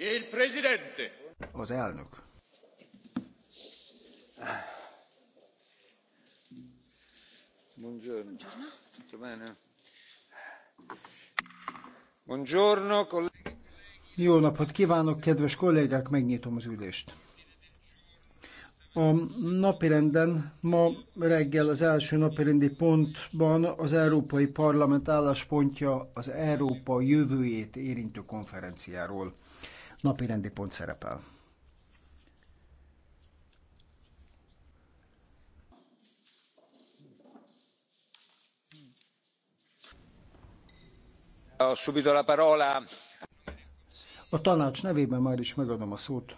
Il presidente. Az elnök. Buongiorno. Tutto bene? Buongiorno, Jó napot kívánok, kedves kollégák, megnyitom az ülést. A napirenden ma reggel az első napirendi pontban az Európai Parlament álláspontja az Európa jövőjét érintő konferenciáról napi rendi pont szerepel. A tanács nevében már is megadom a szót.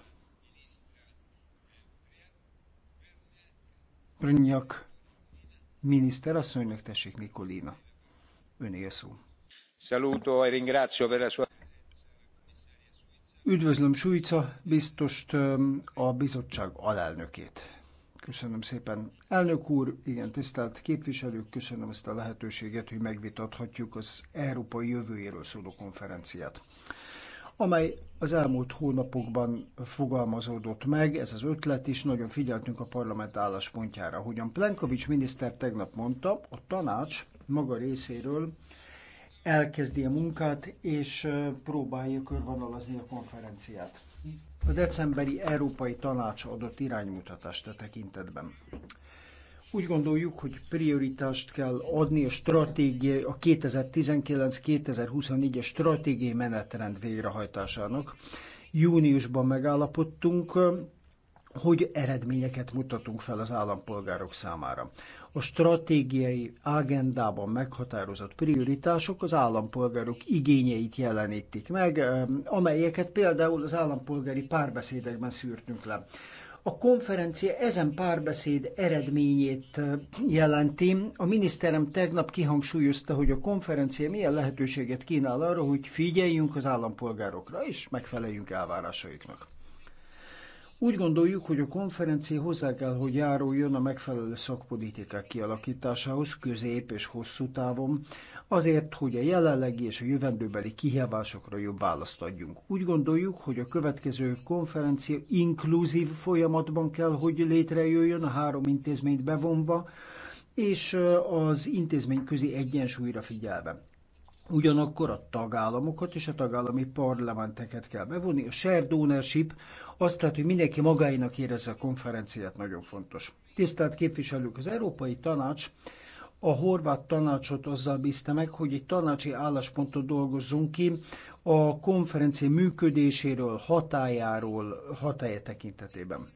Prnyak miniszter asszonynak tessék Nikolina. Öné a szó. Saluto e ringrazio per la sua... Üdvözlöm Sújca biztost a bizottság alelnökét. Köszönöm szépen. Elnök úr, igen, tisztelt képviselők, köszönöm ezt a lehetőséget, hogy megvitathatjuk az Európai Jövőjéről szóló konferenciát amely az elmúlt hónapokban fogalmazódott meg, ez az ötlet is, nagyon figyeltünk a parlament álláspontjára. Hogyan Plenkovics miniszter tegnap mondta, a tanács maga részéről elkezdi a munkát, és próbálja körvonalazni a konferenciát. A decemberi Európai Tanács adott iránymutatást a tekintetben. Úgy gondoljuk, hogy prioritást kell adni a, stratégia, a 2019-2024-es stratégiai menetrend végrehajtásának. Júniusban megállapodtunk, hogy eredményeket mutatunk fel az állampolgárok számára. A stratégiai agendában meghatározott prioritások az állampolgárok igényeit jelenítik meg, eh, amelyeket például az állampolgári párbeszédekben szűrtünk le. A konferencia ezen párbeszéd eredményét eh, jelenti. A miniszterem tegnap kihangsúlyozta, hogy a konferencia milyen lehetőséget kínál arra, hogy figyeljünk az állampolgárokra és megfeleljünk elvárásaiknak. Úgy gondoljuk, hogy a konferencia hozzá kell, hogy járuljon a megfelelő szakpolitikák kialakításához közép és hosszú távon, azért, hogy a jelenlegi és a jövendőbeli kihívásokra jobb választ adjunk. Úgy gondoljuk, hogy a következő konferencia inkluzív folyamatban kell, hogy létrejöjjön a három intézményt bevonva, és az intézmény közi egyensúlyra figyelve. Ugyanakkor a tagállamokat és a tagállami parlamenteket kell bevonni. A shared ownership azt tehát, hogy mindenki magáinak érezze a konferenciát, nagyon fontos. Tisztelt képviselők, az Európai Tanács a horvát tanácsot azzal bízta meg, hogy egy tanácsi álláspontot dolgozzunk ki a konferencia működéséről, hatájáról, hatája tekintetében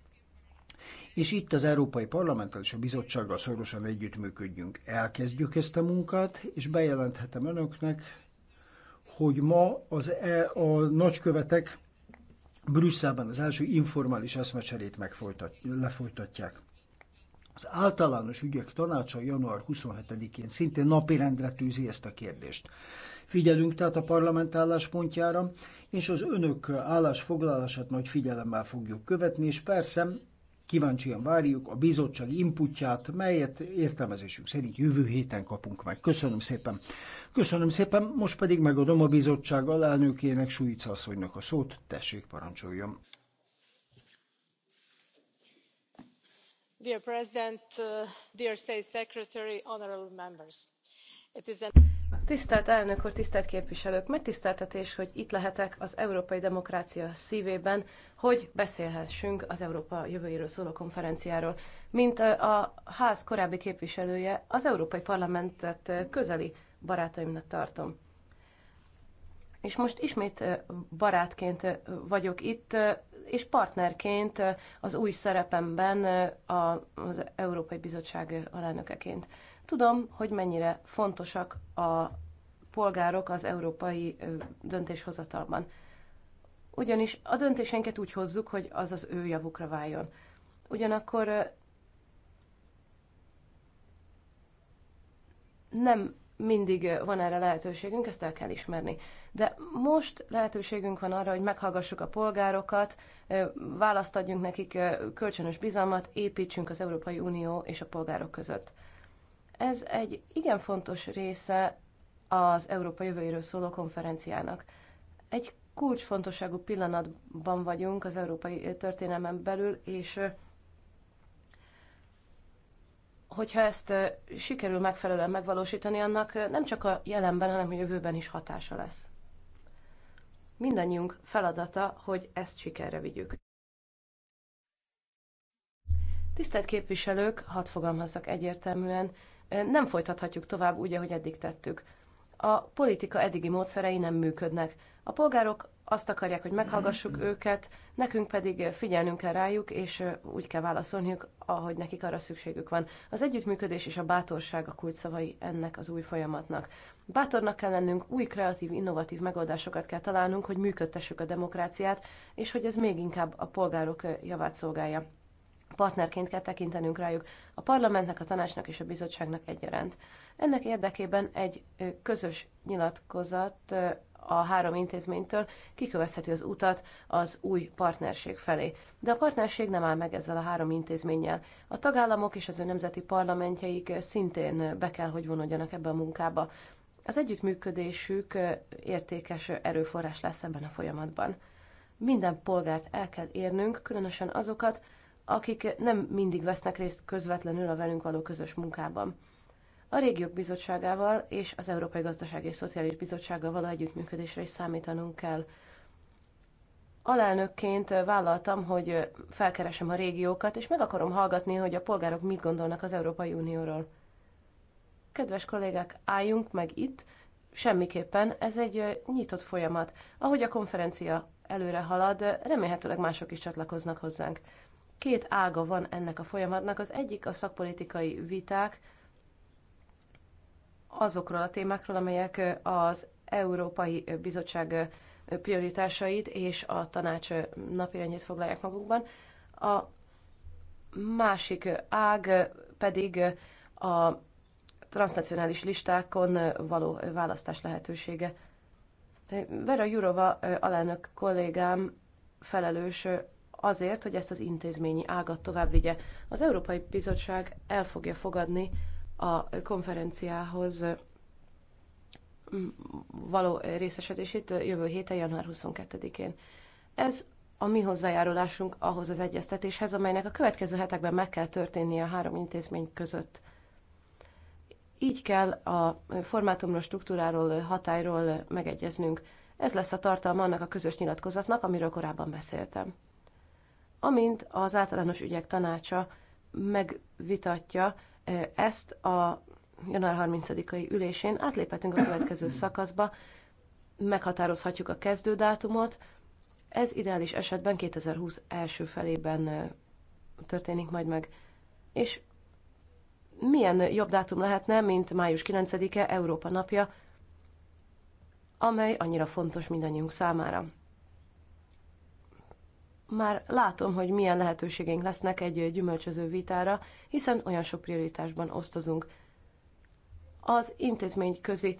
és itt az Európai Parlamenttel és a bizottsággal szorosan együttműködjünk. Elkezdjük ezt a munkát, és bejelenthetem önöknek, hogy ma az e, a nagykövetek Brüsszelben az első informális eszmecserét lefolytatják. Az általános ügyek tanácsa január 27-én szintén napirendre tűzi ezt a kérdést. Figyelünk tehát a parlament álláspontjára, és az önök állásfoglalását nagy figyelemmel fogjuk követni, és persze kíváncsian várjuk a bizottság inputját, melyet értelmezésünk szerint jövő héten kapunk meg. Köszönöm szépen. Köszönöm szépen, most pedig megadom a bizottság alelnökének, Sujica asszonynak a szót, tessék parancsoljon. Dear President, uh, dear State Secretary, honorable members. It is an... Tisztelt elnök úr, tisztelt képviselők! Megtiszteltetés, hogy itt lehetek az európai demokrácia szívében, hogy beszélhessünk az Európa jövőjéről szóló konferenciáról. Mint a ház korábbi képviselője, az Európai Parlamentet közeli barátaimnak tartom. És most ismét barátként vagyok itt, és partnerként az új szerepemben az Európai Bizottság alelnökeként. Tudom, hogy mennyire fontosak a polgárok az európai döntéshozatalban. Ugyanis a döntéseinket úgy hozzuk, hogy az az ő javukra váljon. Ugyanakkor nem mindig van erre lehetőségünk, ezt el kell ismerni. De most lehetőségünk van arra, hogy meghallgassuk a polgárokat, választ adjunk nekik kölcsönös bizalmat, építsünk az Európai Unió és a polgárok között. Ez egy igen fontos része az Európa jövőjéről szóló konferenciának. Egy kulcsfontosságú pillanatban vagyunk az európai történelmen belül, és hogyha ezt sikerül megfelelően megvalósítani, annak nem csak a jelenben, hanem a jövőben is hatása lesz. Mindannyiunk feladata, hogy ezt sikerre vigyük. Tisztelt képviselők, hadd fogalmazzak egyértelműen, nem folytathatjuk tovább úgy, ahogy eddig tettük. A politika eddigi módszerei nem működnek. A polgárok azt akarják, hogy meghallgassuk őket, nekünk pedig figyelnünk kell rájuk, és úgy kell válaszolniuk, ahogy nekik arra szükségük van. Az együttműködés és a bátorság a kulcsszavai ennek az új folyamatnak. Bátornak kell lennünk, új kreatív, innovatív megoldásokat kell találnunk, hogy működtessük a demokráciát, és hogy ez még inkább a polgárok javát szolgálja partnerként kell tekintenünk rájuk, a parlamentnek, a tanácsnak és a bizottságnak egyaránt. Ennek érdekében egy közös nyilatkozat a három intézménytől kikövezheti az utat az új partnerség felé. De a partnerség nem áll meg ezzel a három intézménnyel. A tagállamok és az ő nemzeti parlamentjeik szintén be kell, hogy vonodjanak ebbe a munkába. Az együttműködésük értékes erőforrás lesz ebben a folyamatban. Minden polgárt el kell érnünk, különösen azokat, akik nem mindig vesznek részt közvetlenül a velünk való közös munkában. A régiók bizottságával és az Európai Gazdasági és Szociális Bizottsággal való együttműködésre is számítanunk kell. Alelnökként vállaltam, hogy felkeresem a régiókat, és meg akarom hallgatni, hogy a polgárok mit gondolnak az Európai Unióról. Kedves kollégák, álljunk meg itt, semmiképpen ez egy nyitott folyamat. Ahogy a konferencia előre halad, remélhetőleg mások is csatlakoznak hozzánk. Két ága van ennek a folyamatnak. Az egyik a szakpolitikai viták azokról a témákról, amelyek az Európai Bizottság prioritásait és a tanács napirendjét foglalják magukban. A másik ág pedig a transnacionális listákon való választás lehetősége. Vera Jurova alelnök kollégám felelős azért, hogy ezt az intézményi ágat tovább vigye. Az Európai Bizottság el fogja fogadni a konferenciához mm, való részesedését jövő héten, január 22-én. Ez a mi hozzájárulásunk ahhoz az egyeztetéshez, amelynek a következő hetekben meg kell történnie a három intézmény között. Így kell a formátumról, struktúráról, hatályról megegyeznünk. Ez lesz a tartalma annak a közös nyilatkozatnak, amiről korábban beszéltem amint az általános ügyek tanácsa megvitatja ezt a január 30-ai ülésén, átléphetünk a következő szakaszba, meghatározhatjuk a kezdődátumot, ez ideális esetben 2020 első felében történik majd meg. És milyen jobb dátum lehetne, mint május 9-e, Európa napja, amely annyira fontos mindannyiunk számára már látom, hogy milyen lehetőségeink lesznek egy gyümölcsöző vitára, hiszen olyan sok prioritásban osztozunk. Az intézmény közi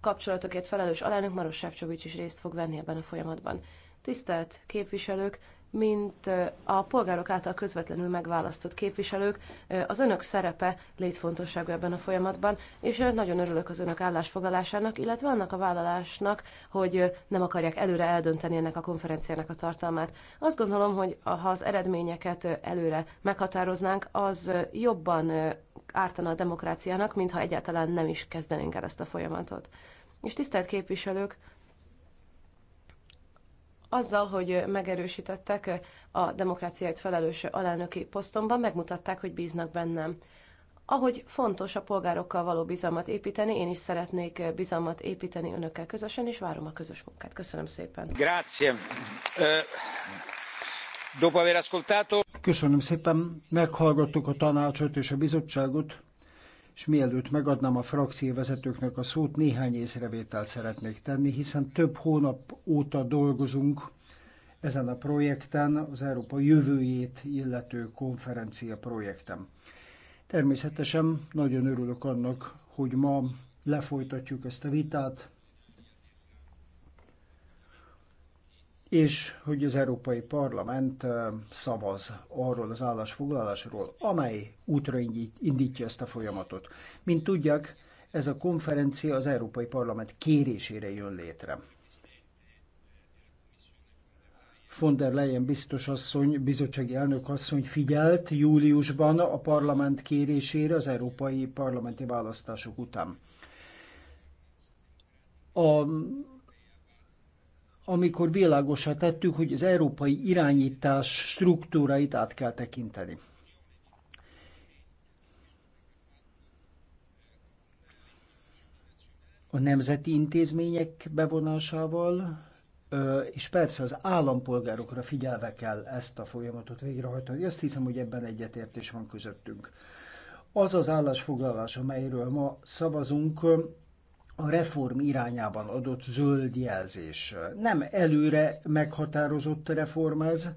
kapcsolatokért felelős alelnök Maros Sefcsovics is részt fog venni ebben a folyamatban. Tisztelt képviselők, mint a polgárok által közvetlenül megválasztott képviselők, az önök szerepe létfontosságú ebben a folyamatban, és nagyon örülök az önök állásfoglalásának, illetve annak a vállalásnak, hogy nem akarják előre eldönteni ennek a konferenciának a tartalmát. Azt gondolom, hogy ha az eredményeket előre meghatároznánk, az jobban ártana a demokráciának, mintha egyáltalán nem is kezdenénk el ezt a folyamatot. És tisztelt képviselők, azzal, hogy megerősítettek a demokráciáért felelős alelnöki posztomban, megmutatták, hogy bíznak bennem. Ahogy fontos a polgárokkal való bizalmat építeni, én is szeretnék bizalmat építeni önökkel közösen, és várom a közös munkát. Köszönöm szépen. Grazie. Dopo aver ascoltato... Köszönöm szépen, meghallgattuk a tanácsot és a bizottságot és mielőtt megadnám a frakcióvezetőknek a szót, néhány észrevételt szeretnék tenni, hiszen több hónap óta dolgozunk ezen a projekten, az Európa jövőjét illető konferencia projektem. Természetesen nagyon örülök annak, hogy ma lefolytatjuk ezt a vitát, és hogy az Európai Parlament szavaz arról az állásfoglalásról, amely útra indítja ezt a folyamatot. Mint tudják, ez a konferencia az Európai Parlament kérésére jön létre. Von der Leyen biztos asszony, bizottsági elnök asszony figyelt júliusban a parlament kérésére az európai parlamenti választások után. A amikor világosá tettük, hogy az európai irányítás struktúráit át kell tekinteni. A nemzeti intézmények bevonásával, és persze az állampolgárokra figyelve kell ezt a folyamatot végrehajtani. Azt hiszem, hogy ebben egyetértés van közöttünk. Az az állásfoglalás, amelyről ma szavazunk, a reform irányában adott zöld jelzés. Nem előre meghatározott reform ez,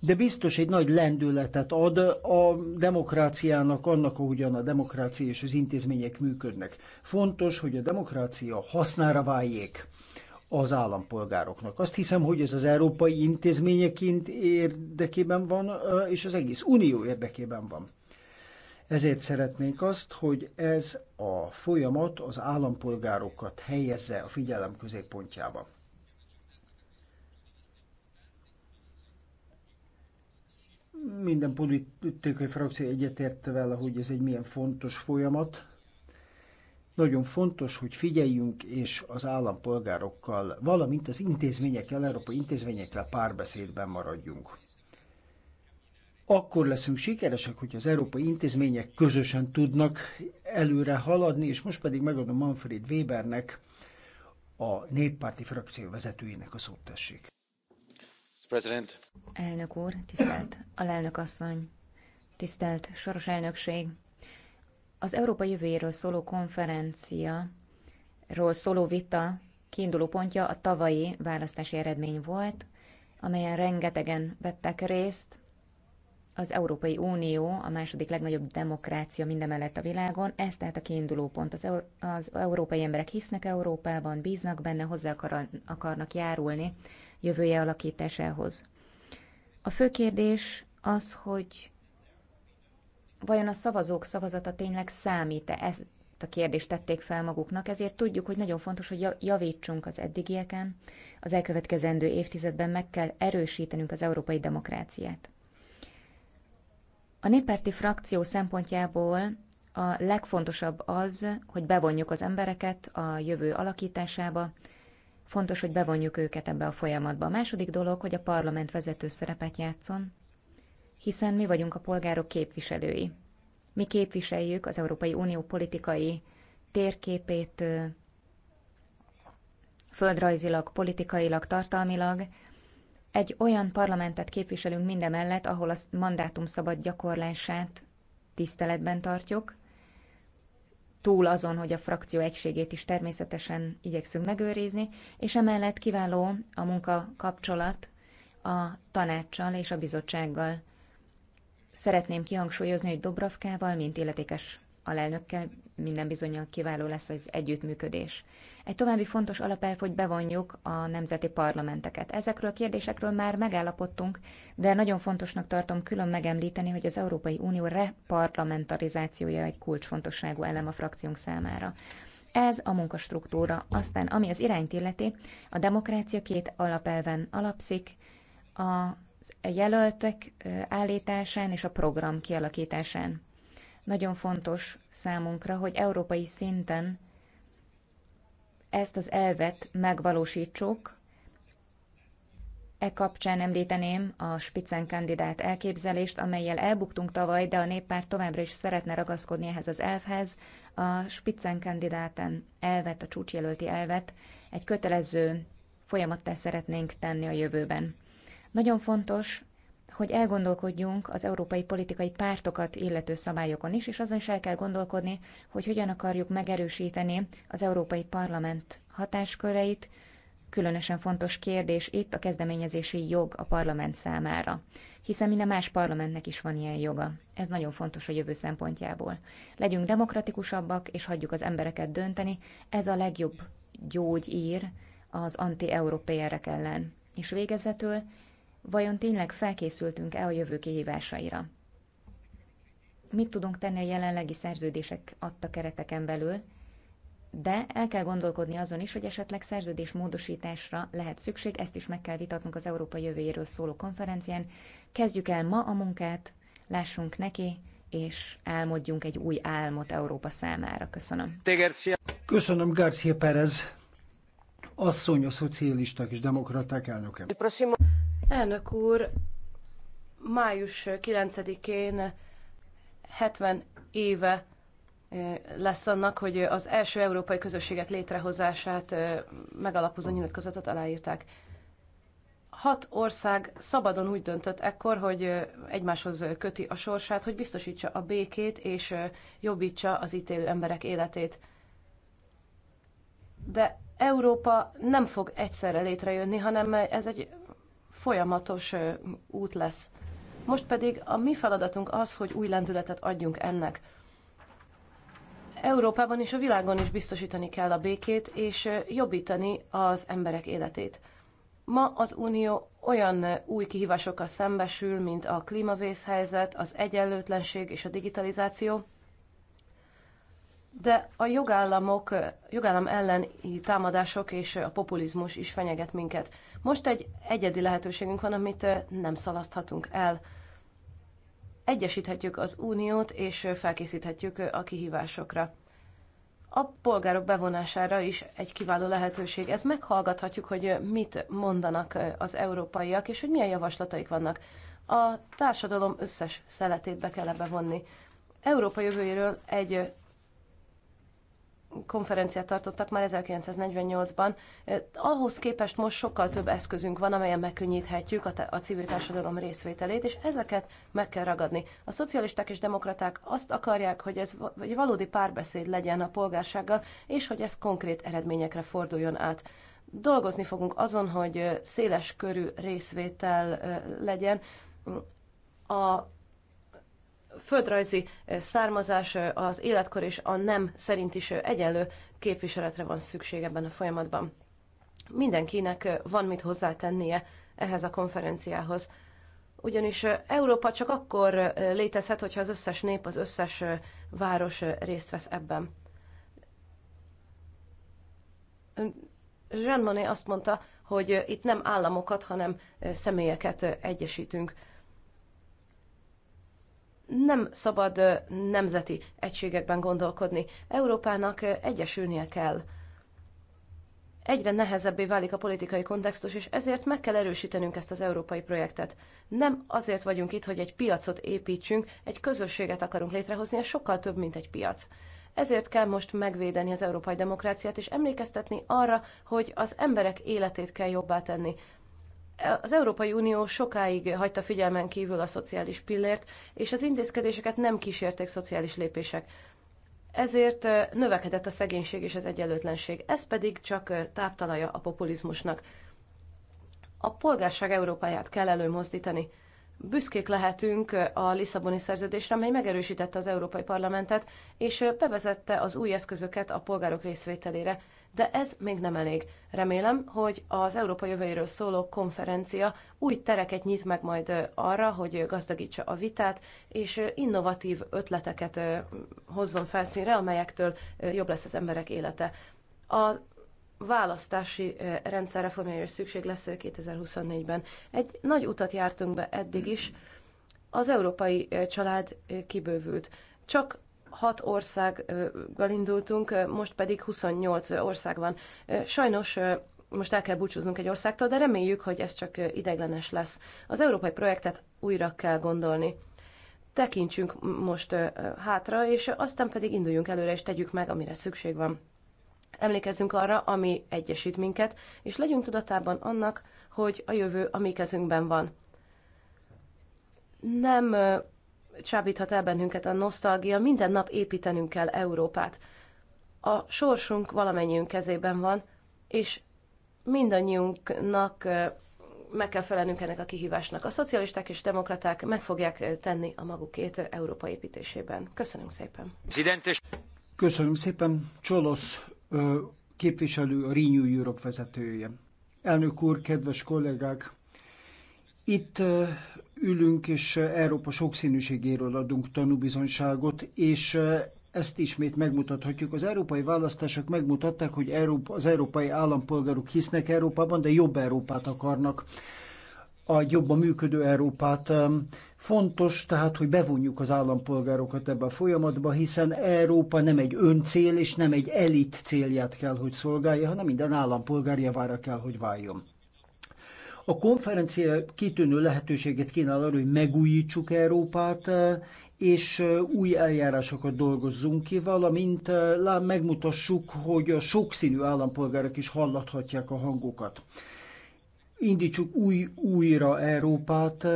de biztos egy nagy lendületet ad a demokráciának, annak, ahogyan a demokrácia és az intézmények működnek. Fontos, hogy a demokrácia hasznára váljék az állampolgároknak. Azt hiszem, hogy ez az európai intézményeként érdekében van, és az egész unió érdekében van. Ezért szeretnénk azt, hogy ez a folyamat az állampolgárokat helyezze a figyelem középpontjába. Minden politikai frakció egyetért vele, hogy ez egy milyen fontos folyamat. Nagyon fontos, hogy figyeljünk és az állampolgárokkal, valamint az intézményekkel, európai intézményekkel párbeszédben maradjunk akkor leszünk sikeresek, hogy az európai intézmények közösen tudnak előre haladni, és most pedig megadom Manfred Webernek, a néppárti frakció vezetőjének a szót tessék. President. Elnök úr, tisztelt alelnök asszony, tisztelt soros elnökség. Az Európa jövőjéről szóló konferencia ról szóló vita kiinduló pontja a tavalyi választási eredmény volt, amelyen rengetegen vettek részt, az Európai Unió a második legnagyobb demokrácia mindemellett a világon, ez tehát a kiinduló pont. Az, eur, az európai emberek hisznek Európában, bíznak benne, hozzá akar, akarnak járulni jövője alakításához. A fő kérdés az, hogy vajon a szavazók szavazata tényleg számít-e? Ezt a kérdést tették fel maguknak, ezért tudjuk, hogy nagyon fontos, hogy javítsunk az eddigieken. Az elkövetkezendő évtizedben meg kell erősítenünk az európai demokráciát. A néperti frakció szempontjából a legfontosabb az, hogy bevonjuk az embereket a jövő alakításába, fontos, hogy bevonjuk őket ebbe a folyamatba. A második dolog, hogy a parlament vezető szerepet játszon, hiszen mi vagyunk a polgárok képviselői. Mi képviseljük az Európai Unió politikai térképét földrajzilag, politikailag, tartalmilag, egy olyan parlamentet képviselünk mindemellett, ahol a mandátum szabad gyakorlását tiszteletben tartjuk, túl azon, hogy a frakció egységét is természetesen igyekszünk megőrizni, és emellett kiváló a munka kapcsolat a tanácssal és a bizottsággal. Szeretném kihangsúlyozni, hogy Dobravkával, mint illetékes alelnökkel minden bizonyal kiváló lesz az együttműködés. Egy további fontos alapelv, hogy bevonjuk a nemzeti parlamenteket. Ezekről a kérdésekről már megállapodtunk, de nagyon fontosnak tartom külön megemlíteni, hogy az Európai Unió reparlamentarizációja egy kulcsfontosságú elem a frakciónk számára. Ez a munkastruktúra. Aztán, ami az irányt illeti, a demokrácia két alapelven alapszik, a jelöltek állításán és a program kialakításán. Nagyon fontos számunkra, hogy európai szinten ezt az elvet megvalósítsuk. E kapcsán említeném a Spitzen kandidát elképzelést, amelyel elbuktunk tavaly, de a néppárt továbbra is szeretne ragaszkodni ehhez az elvhez. A Spitzen kandidáten elvet, a csúcsjelölti elvet egy kötelező folyamattá szeretnénk tenni a jövőben. Nagyon fontos hogy elgondolkodjunk az európai politikai pártokat illető szabályokon is, és azon is el kell gondolkodni, hogy hogyan akarjuk megerősíteni az Európai Parlament hatásköreit, különösen fontos kérdés itt a kezdeményezési jog a parlament számára, hiszen minden más parlamentnek is van ilyen joga. Ez nagyon fontos a jövő szempontjából. Legyünk demokratikusabbak, és hagyjuk az embereket dönteni, ez a legjobb gyógyír az anti-európéerek ellen. És végezetül Vajon tényleg felkészültünk-e a jövő kihívásaira? Mit tudunk tenni a jelenlegi szerződések adta kereteken belül, de el kell gondolkodni azon is, hogy esetleg szerződés módosításra lehet szükség, ezt is meg kell vitatnunk az Európa jövőjéről szóló konferencián. Kezdjük el ma a munkát, lássunk neki, és álmodjunk egy új álmot Európa számára. Köszönöm. Köszönöm, García Perez, asszony a szocialisták és demokraták elnöke. Elnök úr, május 9-én 70 éve eh, lesz annak, hogy az első európai közösségek létrehozását eh, megalapozó nyilatkozatot aláírták. Hat ország szabadon úgy döntött ekkor, hogy eh, egymáshoz köti a sorsát, hogy biztosítsa a békét és jobbítsa az ítélő emberek életét. De Európa nem fog egyszerre létrejönni, hanem ez egy folyamatos út lesz. Most pedig a mi feladatunk az, hogy új lendületet adjunk ennek. Európában és a világon is biztosítani kell a békét és jobbítani az emberek életét. Ma az Unió olyan új kihívásokkal szembesül, mint a klímavészhelyzet, az egyenlőtlenség és a digitalizáció, de a jogállamok, jogállam elleni támadások és a populizmus is fenyeget minket. Most egy egyedi lehetőségünk van, amit nem szalaszthatunk el. Egyesíthetjük az uniót, és felkészíthetjük a kihívásokra. A polgárok bevonására is egy kiváló lehetőség. Ez meghallgathatjuk, hogy mit mondanak az európaiak, és hogy milyen javaslataik vannak. A társadalom összes szeletét be kell ebbe Európa jövőjéről egy konferenciát tartottak már 1948-ban. Ahhoz képest most sokkal több eszközünk van, amelyen megkönnyíthetjük a, a civil társadalom részvételét, és ezeket meg kell ragadni. A szocialisták és demokraták azt akarják, hogy ez egy valódi párbeszéd legyen a polgársággal, és hogy ez konkrét eredményekre forduljon át. Dolgozni fogunk azon, hogy széles körű részvétel legyen. A földrajzi eh, származás, eh, az életkor és a nem szerint is eh, egyenlő képviseletre van szükség ebben a folyamatban. Mindenkinek van mit hozzátennie ehhez a konferenciához. Ugyanis Európa csak akkor létezhet, hogyha az összes nép, az összes város részt vesz ebben. Jean Monnet azt mondta, hogy itt nem államokat, hanem személyeket egyesítünk nem szabad nemzeti egységekben gondolkodni. Európának egyesülnie kell. Egyre nehezebbé válik a politikai kontextus, és ezért meg kell erősítenünk ezt az európai projektet. Nem azért vagyunk itt, hogy egy piacot építsünk, egy közösséget akarunk létrehozni, ez sokkal több, mint egy piac. Ezért kell most megvédeni az európai demokráciát, és emlékeztetni arra, hogy az emberek életét kell jobbá tenni. Az Európai Unió sokáig hagyta figyelmen kívül a szociális pillért, és az intézkedéseket nem kísérték szociális lépések. Ezért növekedett a szegénység és az egyenlőtlenség, ez pedig csak táptalaja a populizmusnak. A polgárság Európáját kell előmozdítani. Büszkék lehetünk a Lisszaboni szerződésre, amely megerősítette az Európai Parlamentet, és bevezette az új eszközöket a polgárok részvételére de ez még nem elég. Remélem, hogy az Európa jövőjéről szóló konferencia új tereket nyit meg majd arra, hogy gazdagítsa a vitát, és innovatív ötleteket hozzon felszínre, amelyektől jobb lesz az emberek élete. A választási rendszerreformjára is szükség lesz 2024-ben. Egy nagy utat jártunk be eddig is, az európai család kibővült. Csak hat országgal indultunk, most pedig 28 ország van. Sajnos most el kell búcsúznunk egy országtól, de reméljük, hogy ez csak ideiglenes lesz. Az európai projektet újra kell gondolni. Tekintsünk most hátra, és aztán pedig induljunk előre, és tegyük meg, amire szükség van. Emlékezzünk arra, ami egyesít minket, és legyünk tudatában annak, hogy a jövő a mi kezünkben van. Nem csábíthat el bennünket a nosztalgia, minden nap építenünk kell Európát. A sorsunk valamennyiünk kezében van, és mindannyiunknak meg kell felelnünk ennek a kihívásnak. A szocialisták és demokraták meg fogják tenni a magukét Európa építésében. Köszönöm szépen. Köszönöm szépen. Csolosz képviselő, a Renew Europe vezetője. Elnök úr, kedves kollégák! Itt ülünk, és Európa sokszínűségéről adunk tanúbizonyságot, és ezt ismét megmutathatjuk. Az európai választások megmutatták, hogy Európa, az európai állampolgárok hisznek Európában, de jobb Európát akarnak, a jobban működő Európát. Fontos tehát, hogy bevonjuk az állampolgárokat ebbe a folyamatba, hiszen Európa nem egy öncél és nem egy elit célját kell, hogy szolgálja, hanem minden állampolgár javára kell, hogy váljon. A konferencia kitűnő lehetőséget kínál arra, hogy megújítsuk Európát, eh, és eh, új eljárásokat dolgozzunk ki, valamint eh, megmutassuk, hogy a sokszínű állampolgárok is hallathatják a hangokat. Indítsuk új, újra Európát,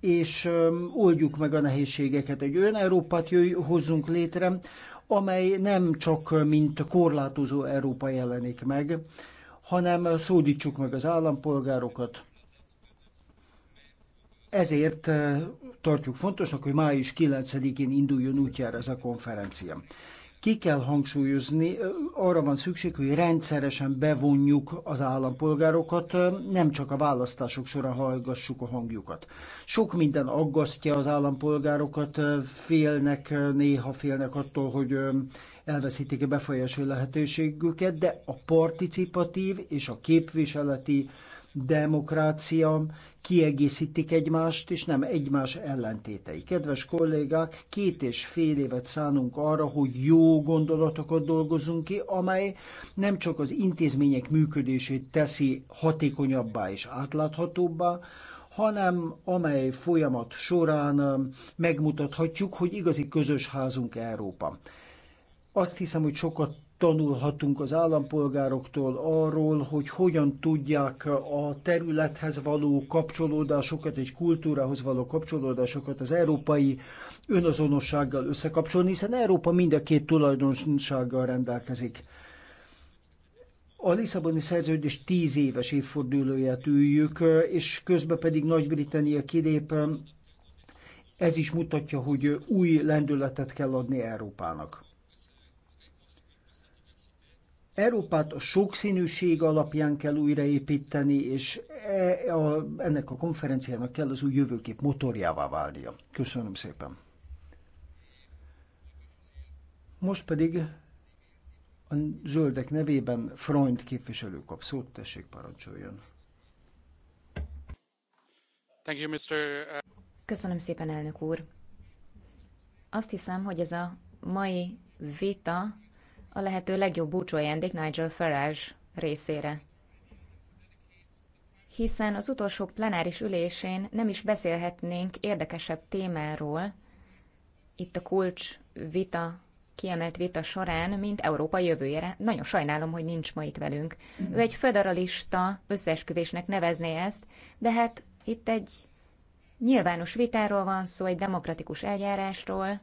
és oldjuk meg a nehézségeket. Egy olyan Európát jöjj, hozzunk létre, amely nem csak mint korlátozó Európa jelenik meg, hanem szódítsuk meg az állampolgárokat, ezért tartjuk fontosnak, hogy május 9-én induljon útjára ez a konferencia. Ki kell hangsúlyozni, arra van szükség, hogy rendszeresen bevonjuk az állampolgárokat, nem csak a választások során hallgassuk a hangjukat. Sok minden aggasztja az állampolgárokat, félnek, néha félnek attól, hogy elveszítik a befolyási lehetőségüket, de a participatív és a képviseleti demokrácia kiegészítik egymást, és nem egymás ellentétei. Kedves kollégák, két és fél évet szánunk arra, hogy jó gondolatokat dolgozunk ki, amely nem csak az intézmények működését teszi hatékonyabbá és átláthatóbbá, hanem amely folyamat során um, megmutathatjuk, hogy igazi közös házunk Európa. Azt hiszem, hogy sokat tanulhatunk az állampolgároktól arról, hogy hogyan tudják a területhez való kapcsolódásokat, egy kultúrához való kapcsolódásokat az európai önazonossággal összekapcsolni, hiszen Európa mind a két tulajdonsággal rendelkezik. A Lisszaboni szerződés tíz éves évfordulóját üljük, és közben pedig Nagy-Britannia kilép. Ez is mutatja, hogy új lendületet kell adni Európának. Európát a sokszínűség alapján kell újraépíteni, és e, a, ennek a konferenciának kell az új jövőkép motorjává válnia. Köszönöm szépen. Most pedig a zöldek nevében Freund képviselő kap szót, tessék parancsoljon. Thank you, Mr. Uh, Köszönöm szépen, elnök úr. Azt hiszem, hogy ez a mai vita a lehető legjobb búcsójándék Nigel Farage részére. Hiszen az utolsó plenáris ülésén nem is beszélhetnénk érdekesebb témáról, itt a kulcs vita, kiemelt vita során, mint Európa jövőjére. Nagyon sajnálom, hogy nincs ma itt velünk. Ő egy federalista összeesküvésnek nevezné ezt, de hát itt egy nyilvános vitáról van szó, egy demokratikus eljárásról,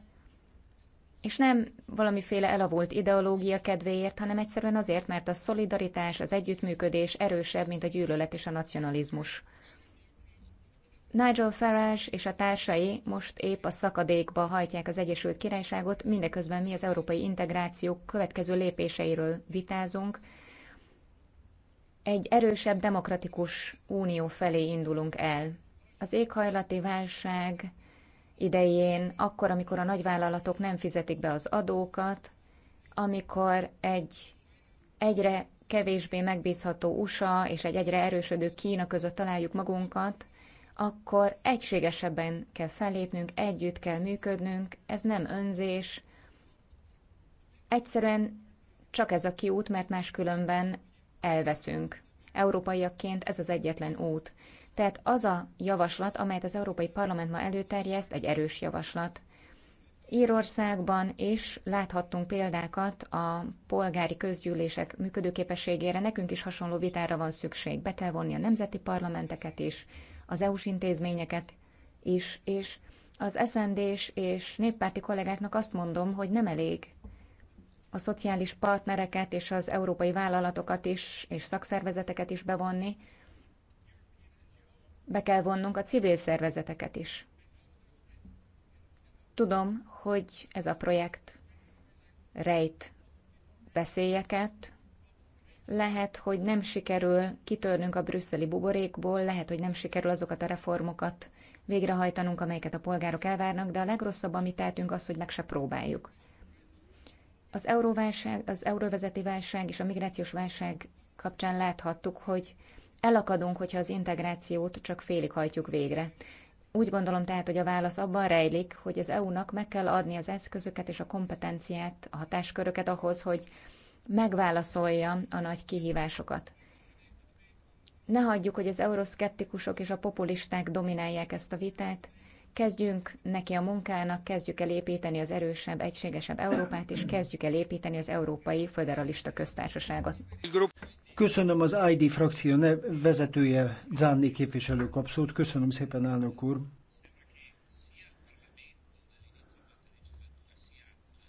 és nem valamiféle elavult ideológia kedvéért, hanem egyszerűen azért, mert a szolidaritás, az együttműködés erősebb, mint a gyűlölet és a nacionalizmus. Nigel Farage és a társai most épp a szakadékba hajtják az Egyesült Királyságot, mindeközben mi az európai integráció következő lépéseiről vitázunk. Egy erősebb, demokratikus unió felé indulunk el. Az éghajlati válság idején, akkor, amikor a nagyvállalatok nem fizetik be az adókat, amikor egy egyre kevésbé megbízható USA és egy egyre erősödő Kína között találjuk magunkat, akkor egységesebben kell fellépnünk, együtt kell működnünk, ez nem önzés. Egyszerűen csak ez a kiút, mert máskülönben elveszünk. Európaiakként ez az egyetlen út. Tehát az a javaslat, amelyet az Európai Parlament ma előterjeszt, egy erős javaslat. Írországban is láthattunk példákat a polgári közgyűlések működőképességére, nekünk is hasonló vitára van szükség. Be kell vonni a nemzeti parlamenteket is, az EU-s intézményeket is, és az snd és néppárti kollégáknak azt mondom, hogy nem elég a szociális partnereket és az európai vállalatokat is, és szakszervezeteket is bevonni, be kell vonnunk a civil szervezeteket is. Tudom, hogy ez a projekt rejt veszélyeket, lehet, hogy nem sikerül kitörnünk a brüsszeli buborékból, lehet, hogy nem sikerül azokat a reformokat végrehajtanunk, amelyeket a polgárok elvárnak, de a legrosszabb, amit tehetünk, az, hogy meg se próbáljuk. Az, euróválság, az euróvezeti válság és a migrációs válság kapcsán láthattuk, hogy Elakadunk, hogyha az integrációt csak félig hajtjuk végre. Úgy gondolom tehát, hogy a válasz abban rejlik, hogy az EU-nak meg kell adni az eszközöket és a kompetenciát, a hatásköröket ahhoz, hogy megválaszolja a nagy kihívásokat. Ne hagyjuk, hogy az euroszkeptikusok és a populisták dominálják ezt a vitát, kezdjünk neki a munkának, kezdjük el építeni az erősebb, egységesebb Európát, és kezdjük el építeni az Európai Föderalista Köztársaságot. Köszönöm az ID frakció vezetője, Zánni képviselő kapszót. Köszönöm szépen, elnök úr.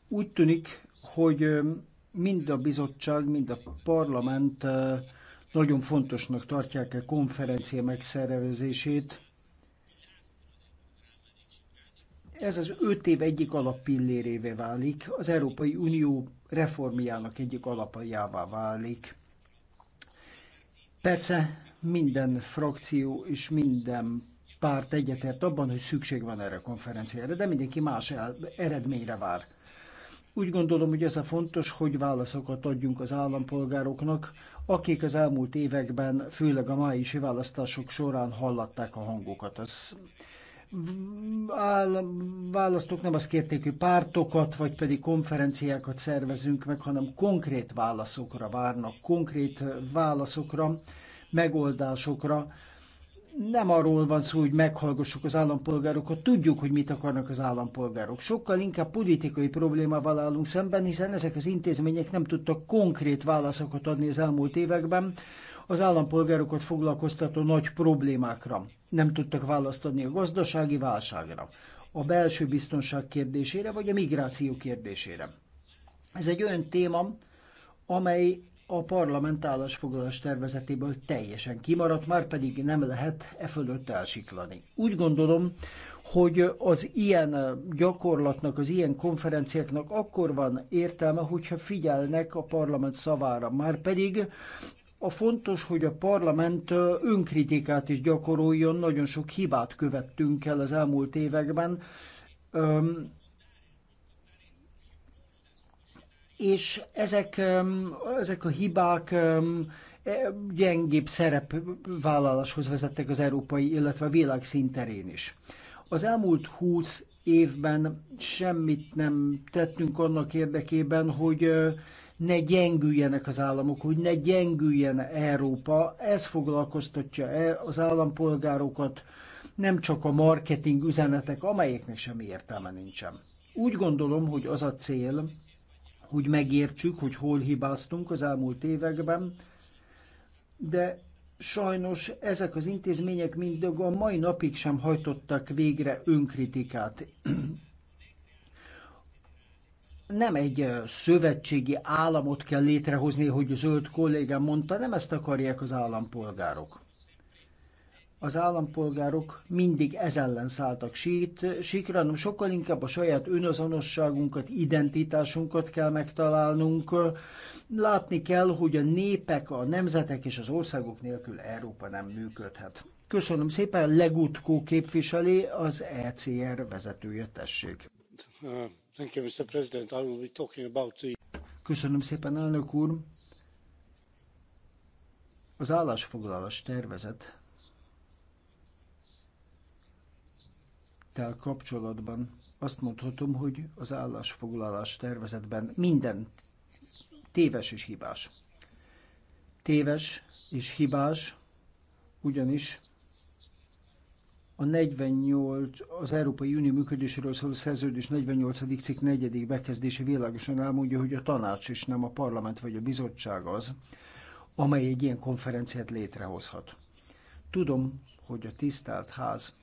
Úgy tűnik, hogy mind a bizottság, mind a parlament nagyon fontosnak tartják a konferencia megszervezését. Ez az öt év egyik alappillérévé válik, az Európai Unió reformjának egyik alapjává válik. Persze minden frakció és minden párt egyetért abban, hogy szükség van erre a konferenciára, de mindenki más eredményre vár. Úgy gondolom, hogy ez a fontos, hogy válaszokat adjunk az állampolgároknak, akik az elmúlt években, főleg a májusi választások során hallatták a hangokat. Az választók nem az kérték, hogy pártokat vagy pedig konferenciákat szervezünk meg, hanem konkrét válaszokra várnak, konkrét válaszokra, megoldásokra. Nem arról van szó, hogy meghallgassuk az állampolgárokat, tudjuk, hogy mit akarnak az állampolgárok. Sokkal inkább politikai problémával állunk szemben, hiszen ezek az intézmények nem tudtak konkrét válaszokat adni az elmúlt években, az állampolgárokat foglalkoztató nagy problémákra. Nem tudtak választ adni a gazdasági válságra, a belső biztonság kérdésére vagy a migráció kérdésére. Ez egy olyan téma, amely a parlament állásfoglalás tervezetéből teljesen kimaradt, már pedig nem lehet e fölött elsiklani. Úgy gondolom, hogy az ilyen gyakorlatnak, az ilyen konferenciáknak akkor van értelme, hogyha figyelnek a parlament szavára. Már pedig a fontos, hogy a parlament önkritikát is gyakoroljon, nagyon sok hibát követtünk el az elmúlt években, és ezek, ezek a hibák e, gyengébb szerepvállaláshoz vezettek az európai, illetve a világ szinterén is. Az elmúlt húsz évben semmit nem tettünk annak érdekében, hogy ne gyengüljenek az államok, hogy ne gyengüljen Európa. Ez foglalkoztatja e az állampolgárokat, nem csak a marketing üzenetek, amelyeknek semmi értelme nincsen. Úgy gondolom, hogy az a cél, hogy megértsük, hogy hol hibáztunk az elmúlt években, de sajnos ezek az intézmények mindig a mai napig sem hajtottak végre önkritikát nem egy szövetségi államot kell létrehozni, hogy a zöld kollégám mondta, nem ezt akarják az állampolgárok. Az állampolgárok mindig ez ellen szálltak sít, síkra, hanem sokkal inkább a saját önazonosságunkat, identitásunkat kell megtalálnunk. Látni kell, hogy a népek, a nemzetek és az országok nélkül Európa nem működhet. Köszönöm szépen, Legutkó képviseli, az ECR vezetője, tessék. Köszönöm szépen, elnök úr. Az állásfoglalás tervezet tel kapcsolatban azt mondhatom, hogy az állásfoglalás tervezetben minden téves és hibás. Téves és hibás, ugyanis a 48, az Európai Unió működéséről szóló szerződés 48. cikk 4. bekezdése világosan elmondja, hogy a tanács és nem a parlament vagy a bizottság az, amely egy ilyen konferenciát létrehozhat. Tudom, hogy a tisztelt ház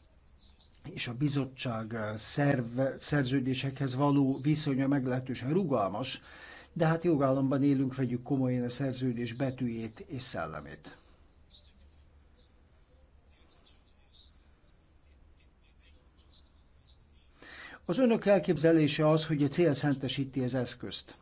és a bizottság szerve, szerződésekhez való viszonya meglehetősen rugalmas, de hát jogállamban élünk, vegyük komolyan a szerződés betűjét és szellemét. Az önök elképzelése az, hogy a cél szentesíti az eszközt.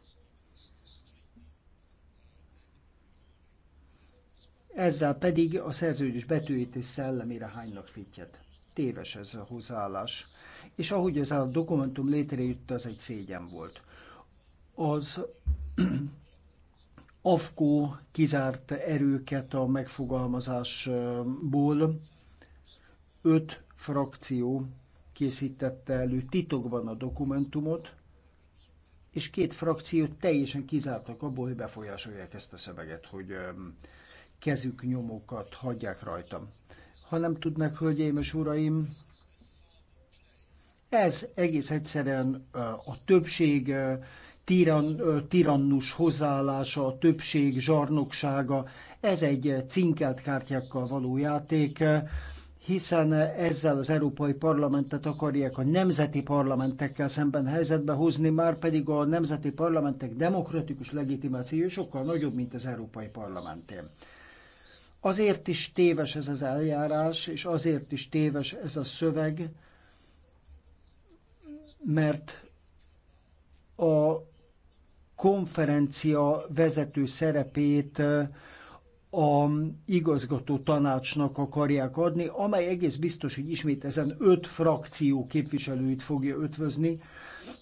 Ezzel pedig a szerződés betűjét és szellemére hánynak fitjet. Téves ez a hozzáállás. És ahogy ez a dokumentum létrejött, az egy szégyen volt. Az AFKO kizárt erőket a megfogalmazásból öt frakció készítette elő titokban a dokumentumot, és két frakciót teljesen kizártak abból, hogy befolyásolják ezt a szöveget, hogy kezük nyomokat hagyják rajtam. Ha nem tudnak, hölgyeim és uraim, ez egész egyszerűen a többség tiran, tirannus hozzáállása, a többség zsarnoksága, ez egy cinkelt kártyákkal való játék, hiszen ezzel az Európai Parlamentet akarják a nemzeti parlamentekkel szemben helyzetbe hozni, már pedig a nemzeti parlamentek demokratikus legitimációja sokkal nagyobb, mint az Európai Parlamenté. Azért is téves ez az eljárás, és azért is téves ez a szöveg, mert a konferencia vezető szerepét a igazgató tanácsnak akarják adni, amely egész biztos, hogy ismét ezen öt frakció képviselőit fogja ötvözni.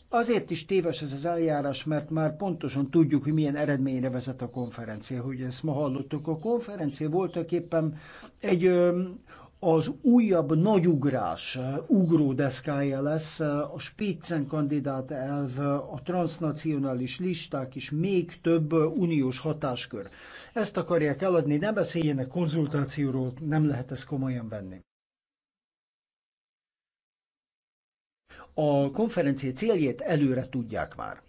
Azért is téves ez az eljárás, mert már pontosan tudjuk, hogy milyen eredményre vezet a konferencia, hogy ezt ma hallottuk. A konferencia voltak éppen egy az újabb nagyugrás ugródeszkája lesz, a Spitzen kandidát elv, a transnacionális listák és még több uniós hatáskör. Ezt akarják eladni, ne beszéljenek konzultációról, nem lehet ezt komolyan venni. A konferencia céljét előre tudják már.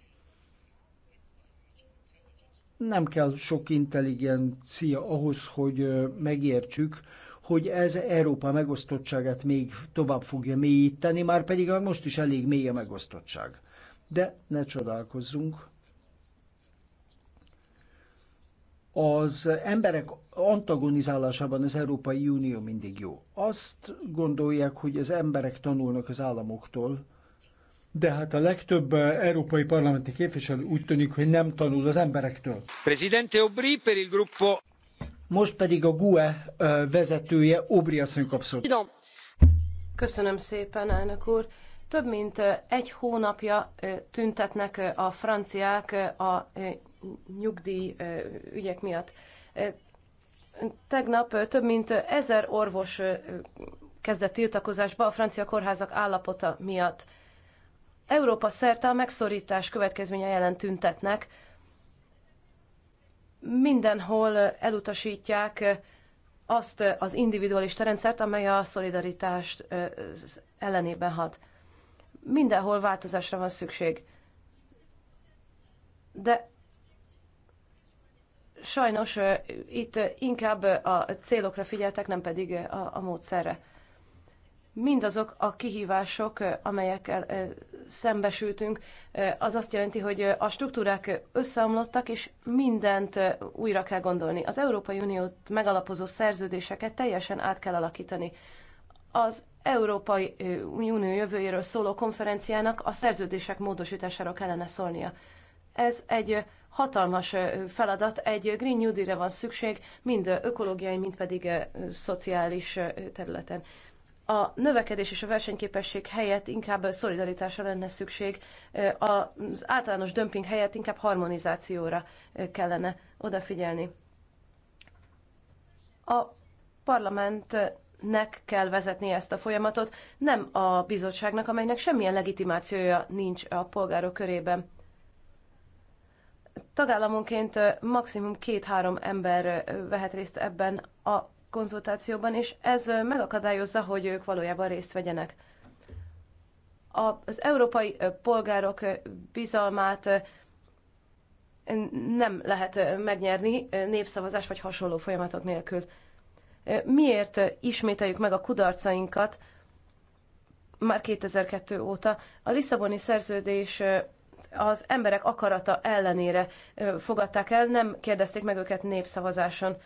Nem kell sok intelligencia ahhoz, hogy megértsük, hogy ez Európa megosztottságát még tovább fogja mélyíteni, már pedig most is elég mély a megosztottság. De ne csodálkozzunk, az emberek antagonizálásában az Európai Unió mindig jó. Azt gondolják, hogy az emberek tanulnak az államoktól, de hát a legtöbb eh, európai parlamenti képviselő úgy tűnik, hogy nem tanul az emberektől. Presidente Obri per il gruppo. Most pedig a GUE eh, vezetője Obri asszony kapszol. Köszönöm szépen, elnök úr. Több mint eh, egy hónapja tüntetnek a franciák a nyugdíj ügyek miatt. Tegnap több mint ezer orvos kezdett tiltakozásba a francia kórházak állapota miatt. Európa szerte a megszorítás következménye jelen tüntetnek. Mindenhol elutasítják azt az individualista rendszert, amely a szolidaritást ellenében hat. Mindenhol változásra van szükség. De sajnos itt inkább a célokra figyeltek, nem pedig a, a módszerre. Mindazok a kihívások, amelyekkel szembesültünk, az azt jelenti, hogy a struktúrák összeomlottak, és mindent újra kell gondolni. Az Európai Uniót megalapozó szerződéseket teljesen át kell alakítani. Az Európai Unió jövőjéről szóló konferenciának a szerződések módosításáról kellene szólnia. Ez egy hatalmas feladat, egy Green New Deal-re van szükség, mind ökológiai, mind pedig szociális területen. A növekedés és a versenyképesség helyett inkább szolidaritásra lenne szükség, az általános dömping helyett inkább harmonizációra kellene odafigyelni. A parlamentnek kell vezetni ezt a folyamatot, nem a bizottságnak, amelynek semmilyen legitimációja nincs a polgárok körében tagállamonként maximum két-három ember vehet részt ebben a konzultációban, és ez megakadályozza, hogy ők valójában részt vegyenek. Az európai polgárok bizalmát nem lehet megnyerni népszavazás vagy hasonló folyamatok nélkül. Miért ismételjük meg a kudarcainkat már 2002 óta? A Lisszaboni szerződés az emberek akarata ellenére fogadták el, nem kérdezték meg őket népszavazáson.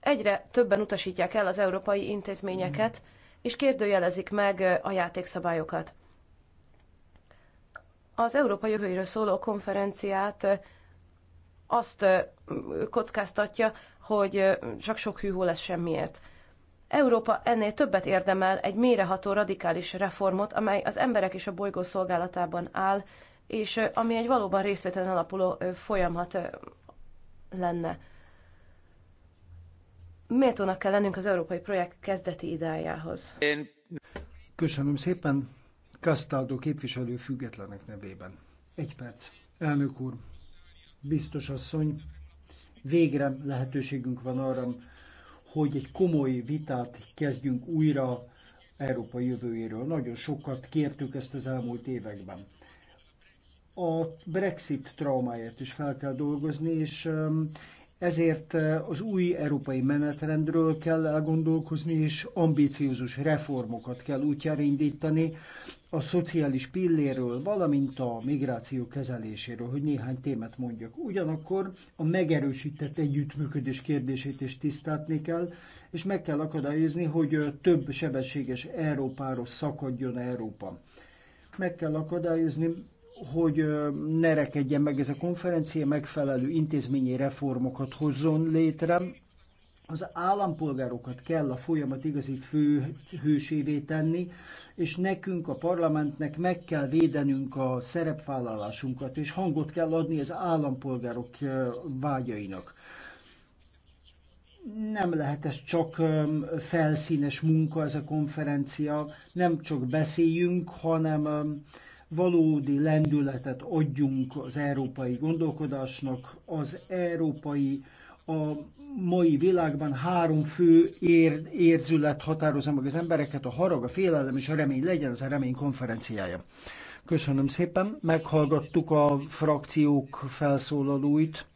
Egyre többen utasítják el az európai intézményeket, és kérdőjelezik meg a játékszabályokat. Az Európa jövőjéről szóló konferenciát azt kockáztatja, hogy csak sok hűhó lesz semmiért. Európa ennél többet érdemel egy méreható radikális reformot, amely az emberek és a bolygó szolgálatában áll, és ami egy valóban részvételen alapuló folyamat lenne. Méltónak kell lennünk az európai projekt kezdeti idájához. Én... Köszönöm szépen. Kasztáldó képviselő függetlenek nevében. Egy perc. Elnök úr, biztos asszony, végre lehetőségünk van arra, hogy egy komoly vitát kezdjünk újra Európa jövőjéről. Nagyon sokat kértük ezt az elmúlt években. A Brexit traumáját is fel kell dolgozni, és um, ezért eh, az új európai menetrendről kell elgondolkozni, és ambíciózus reformokat kell útjára indítani a szociális pilléről, valamint a migráció kezeléséről, hogy néhány témát mondjak. Ugyanakkor a megerősített együttműködés kérdését is tisztátni kell, és meg kell akadályozni, hogy eh, több sebességes Európáról szakadjon Európa. Meg kell akadályozni, hogy ne rekedjen meg ez a konferencia, megfelelő intézményi reformokat hozzon létre. Az állampolgárokat kell a folyamat igazi fő hősévé tenni, és nekünk, a parlamentnek meg kell védenünk a szerepvállalásunkat, és hangot kell adni az állampolgárok vágyainak nem lehet ez csak felszínes munka, ez a konferencia, nem csak beszéljünk, hanem valódi lendületet adjunk az európai gondolkodásnak. Az európai a mai világban három fő ér, érzület határozza meg az embereket, a harag, a félelem és a remény. Legyen ez a remény konferenciája. Köszönöm szépen, meghallgattuk a frakciók felszólalóit,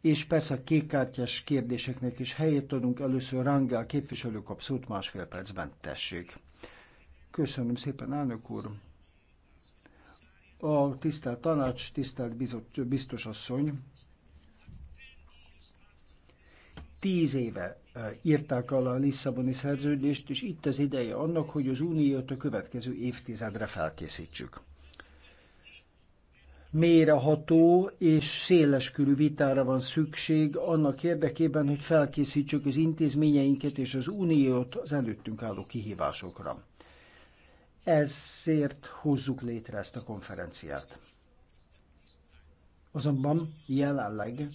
és persze a kékkártyás kérdéseknek is helyét adunk. Először Rangel képviselő kap szót másfél percben, tessék. Köszönöm szépen, elnök úr a tisztelt tanács, tisztelt bizott, biztos asszony, tíz éve eh, írták alá a Lisszaboni szerződést, és itt az ideje annak, hogy az uniót a következő évtizedre felkészítsük. Méreható és széleskörű vitára van szükség annak érdekében, hogy felkészítsük az intézményeinket és az uniót az előttünk álló kihívásokra ezért hozzuk létre ezt a konferenciát. Azonban jelenleg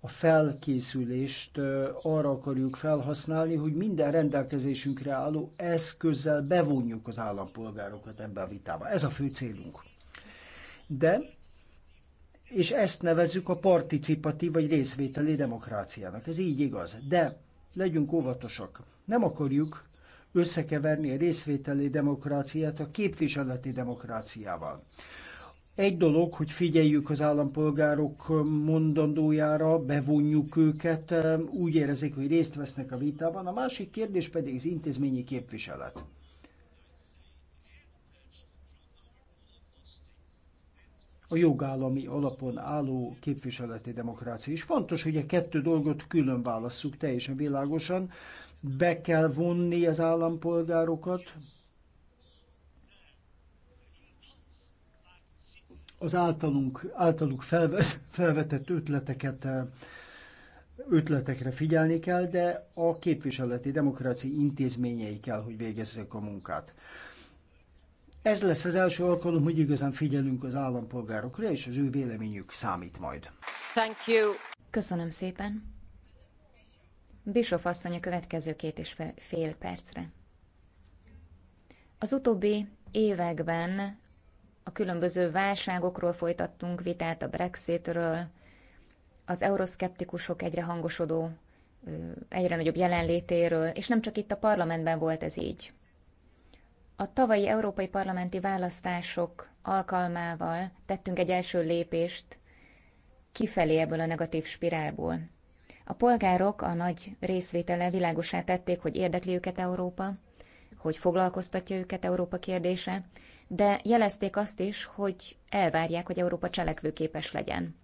a felkészülést arra akarjuk felhasználni, hogy minden rendelkezésünkre álló eszközzel bevonjuk az állampolgárokat ebbe a vitába. Ez a fő célunk. De, és ezt nevezzük a participatív vagy részvételi demokráciának. Ez így igaz. De legyünk óvatosak. Nem akarjuk, összekeverni a részvételi demokráciát a képviseleti demokráciával. Egy dolog, hogy figyeljük az állampolgárok mondandójára, bevonjuk őket, úgy érezik, hogy részt vesznek a vitában. A másik kérdés pedig az intézményi képviselet. a jogállami alapon álló képviseleti demokrácia. is. fontos, hogy a kettő dolgot külön válasszuk teljesen világosan be kell vonni az állampolgárokat, az általunk, általuk felvetett ötleteket, ötletekre figyelni kell, de a képviseleti demokrácia intézményei kell, hogy végezzék a munkát. Ez lesz az első alkalom, hogy igazán figyelünk az állampolgárokra, és az ő véleményük számít majd. Thank you. Köszönöm szépen. Bischoff asszony a következő két és fél percre. Az utóbbi években a különböző válságokról folytattunk vitát, a Brexitről, az euroszkeptikusok egyre hangosodó, egyre nagyobb jelenlétéről, és nem csak itt a parlamentben volt ez így. A tavalyi európai parlamenti választások alkalmával tettünk egy első lépést kifelé ebből a negatív spirálból. A polgárok a nagy részvétele világosá tették, hogy érdekli őket Európa, hogy foglalkoztatja őket Európa kérdése, de jelezték azt is, hogy elvárják, hogy Európa cselekvőképes legyen.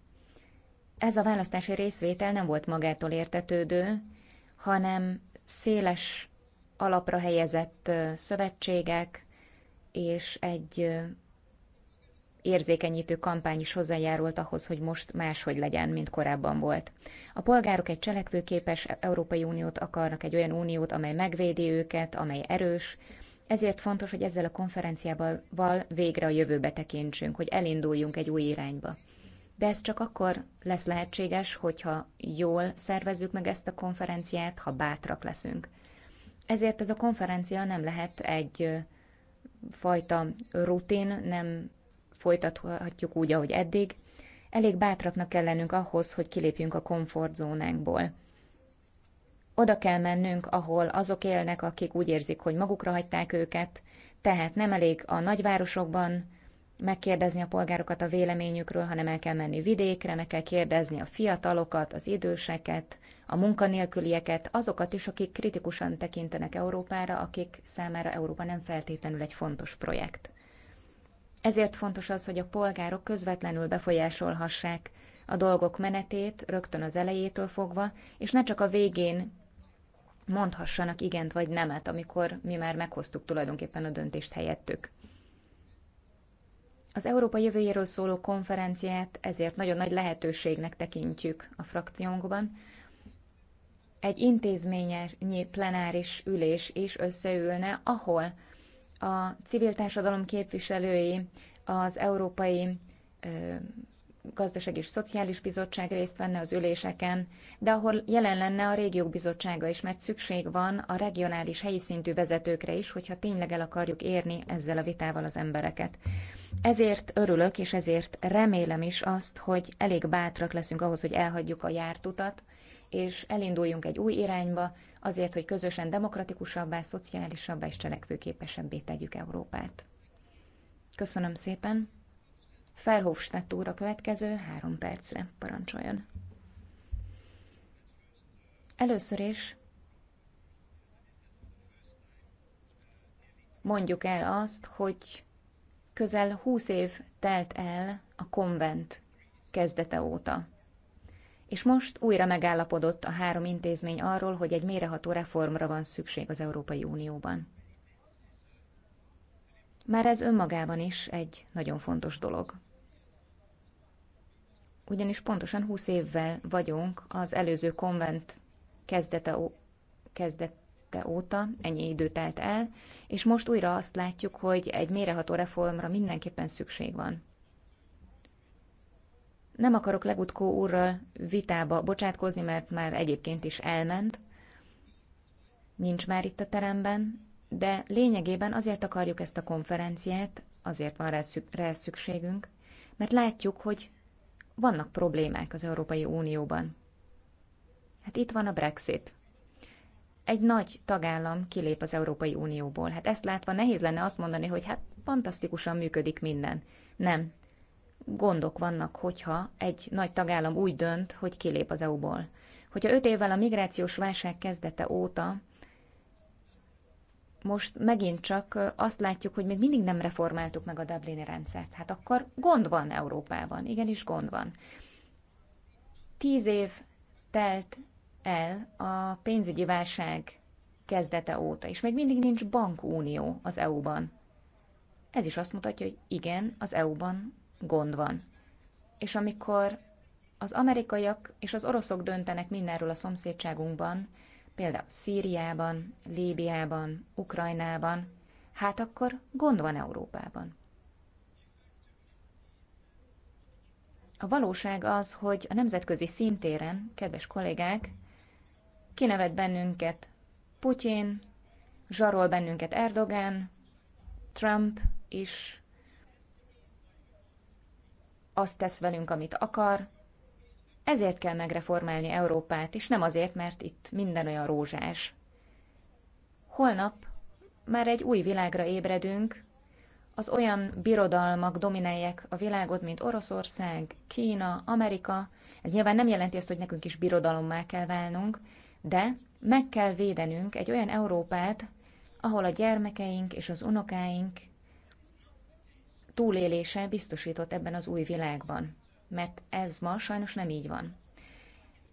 Ez a választási részvétel nem volt magától értetődő, hanem széles alapra helyezett szövetségek és egy érzékenyítő kampány is hozzájárult ahhoz, hogy most máshogy legyen, mint korábban volt. A polgárok egy cselekvőképes Európai Uniót akarnak, egy olyan uniót, amely megvédi őket, amely erős, ezért fontos, hogy ezzel a konferenciával végre a jövőbe tekintsünk, hogy elinduljunk egy új irányba. De ez csak akkor lesz lehetséges, hogyha jól szervezzük meg ezt a konferenciát, ha bátrak leszünk. Ezért ez a konferencia nem lehet egy fajta rutin, nem folytathatjuk úgy, ahogy eddig. Elég bátraknak kell lennünk ahhoz, hogy kilépjünk a komfortzónánkból. Oda kell mennünk, ahol azok élnek, akik úgy érzik, hogy magukra hagyták őket, tehát nem elég a nagyvárosokban megkérdezni a polgárokat a véleményükről, hanem el kell menni vidékre, meg kell kérdezni a fiatalokat, az időseket, a munkanélkülieket, azokat is, akik kritikusan tekintenek Európára, akik számára Európa nem feltétlenül egy fontos projekt. Ezért fontos az, hogy a polgárok közvetlenül befolyásolhassák a dolgok menetét rögtön az elejétől fogva, és ne csak a végén mondhassanak igent vagy nemet, amikor mi már meghoztuk tulajdonképpen a döntést helyettük. Az Európa jövőjéről szóló konferenciát ezért nagyon nagy lehetőségnek tekintjük a frakciónkban. Egy intézményi plenáris ülés is összeülne, ahol a civil társadalom képviselői, az Európai Gazdaság és Szociális Bizottság részt venne az üléseken, de ahol jelen lenne a régiók bizottsága is, mert szükség van a regionális helyi szintű vezetőkre is, hogyha tényleg el akarjuk érni ezzel a vitával az embereket. Ezért örülök, és ezért remélem is azt, hogy elég bátrak leszünk ahhoz, hogy elhagyjuk a jártutat, és elinduljunk egy új irányba, azért, hogy közösen demokratikusabbá, szociálisabbá és cselekvőképesebbé tegyük Európát. Köszönöm szépen. Ferhofstadt úr a következő három percre parancsoljon. Először is mondjuk el azt, hogy közel húsz év telt el a konvent kezdete óta és most újra megállapodott a három intézmény arról, hogy egy méreható reformra van szükség az Európai Unióban. Már ez önmagában is egy nagyon fontos dolog. Ugyanis pontosan 20 évvel vagyunk az előző konvent kezdete, ó- kezdete óta, ennyi idő telt el, és most újra azt látjuk, hogy egy méreható reformra mindenképpen szükség van. Nem akarok legutkó úrral vitába bocsátkozni, mert már egyébként is elment. Nincs már itt a teremben, de lényegében azért akarjuk ezt a konferenciát, azért van rá, rá szükségünk, mert látjuk, hogy vannak problémák az Európai Unióban. Hát itt van a Brexit. Egy nagy tagállam kilép az Európai Unióból. Hát ezt látva nehéz lenne azt mondani, hogy hát fantasztikusan működik minden. Nem gondok vannak, hogyha egy nagy tagállam úgy dönt, hogy kilép az EU-ból. Hogyha öt évvel a migrációs válság kezdete óta most megint csak azt látjuk, hogy még mindig nem reformáltuk meg a Dublini rendszert. Hát akkor gond van Európában, igenis gond van. Tíz év telt el a pénzügyi válság kezdete óta, és még mindig nincs bankunió az EU-ban. Ez is azt mutatja, hogy igen, az EU-ban gond van. És amikor az amerikaiak és az oroszok döntenek mindenről a szomszédságunkban, például Szíriában, Líbiában, Ukrajnában, hát akkor gond van Európában. A valóság az, hogy a nemzetközi szintéren, kedves kollégák, kinevet bennünket Putyin, zsarol bennünket Erdogan, Trump is azt tesz velünk, amit akar, ezért kell megreformálni Európát, és nem azért, mert itt minden olyan rózsás. Holnap már egy új világra ébredünk, az olyan birodalmak dominálják a világot, mint Oroszország, Kína, Amerika. Ez nyilván nem jelenti azt, hogy nekünk is birodalommá kell válnunk, de meg kell védenünk egy olyan Európát, ahol a gyermekeink és az unokáink túlélése biztosított ebben az új világban. Mert ez ma sajnos nem így van.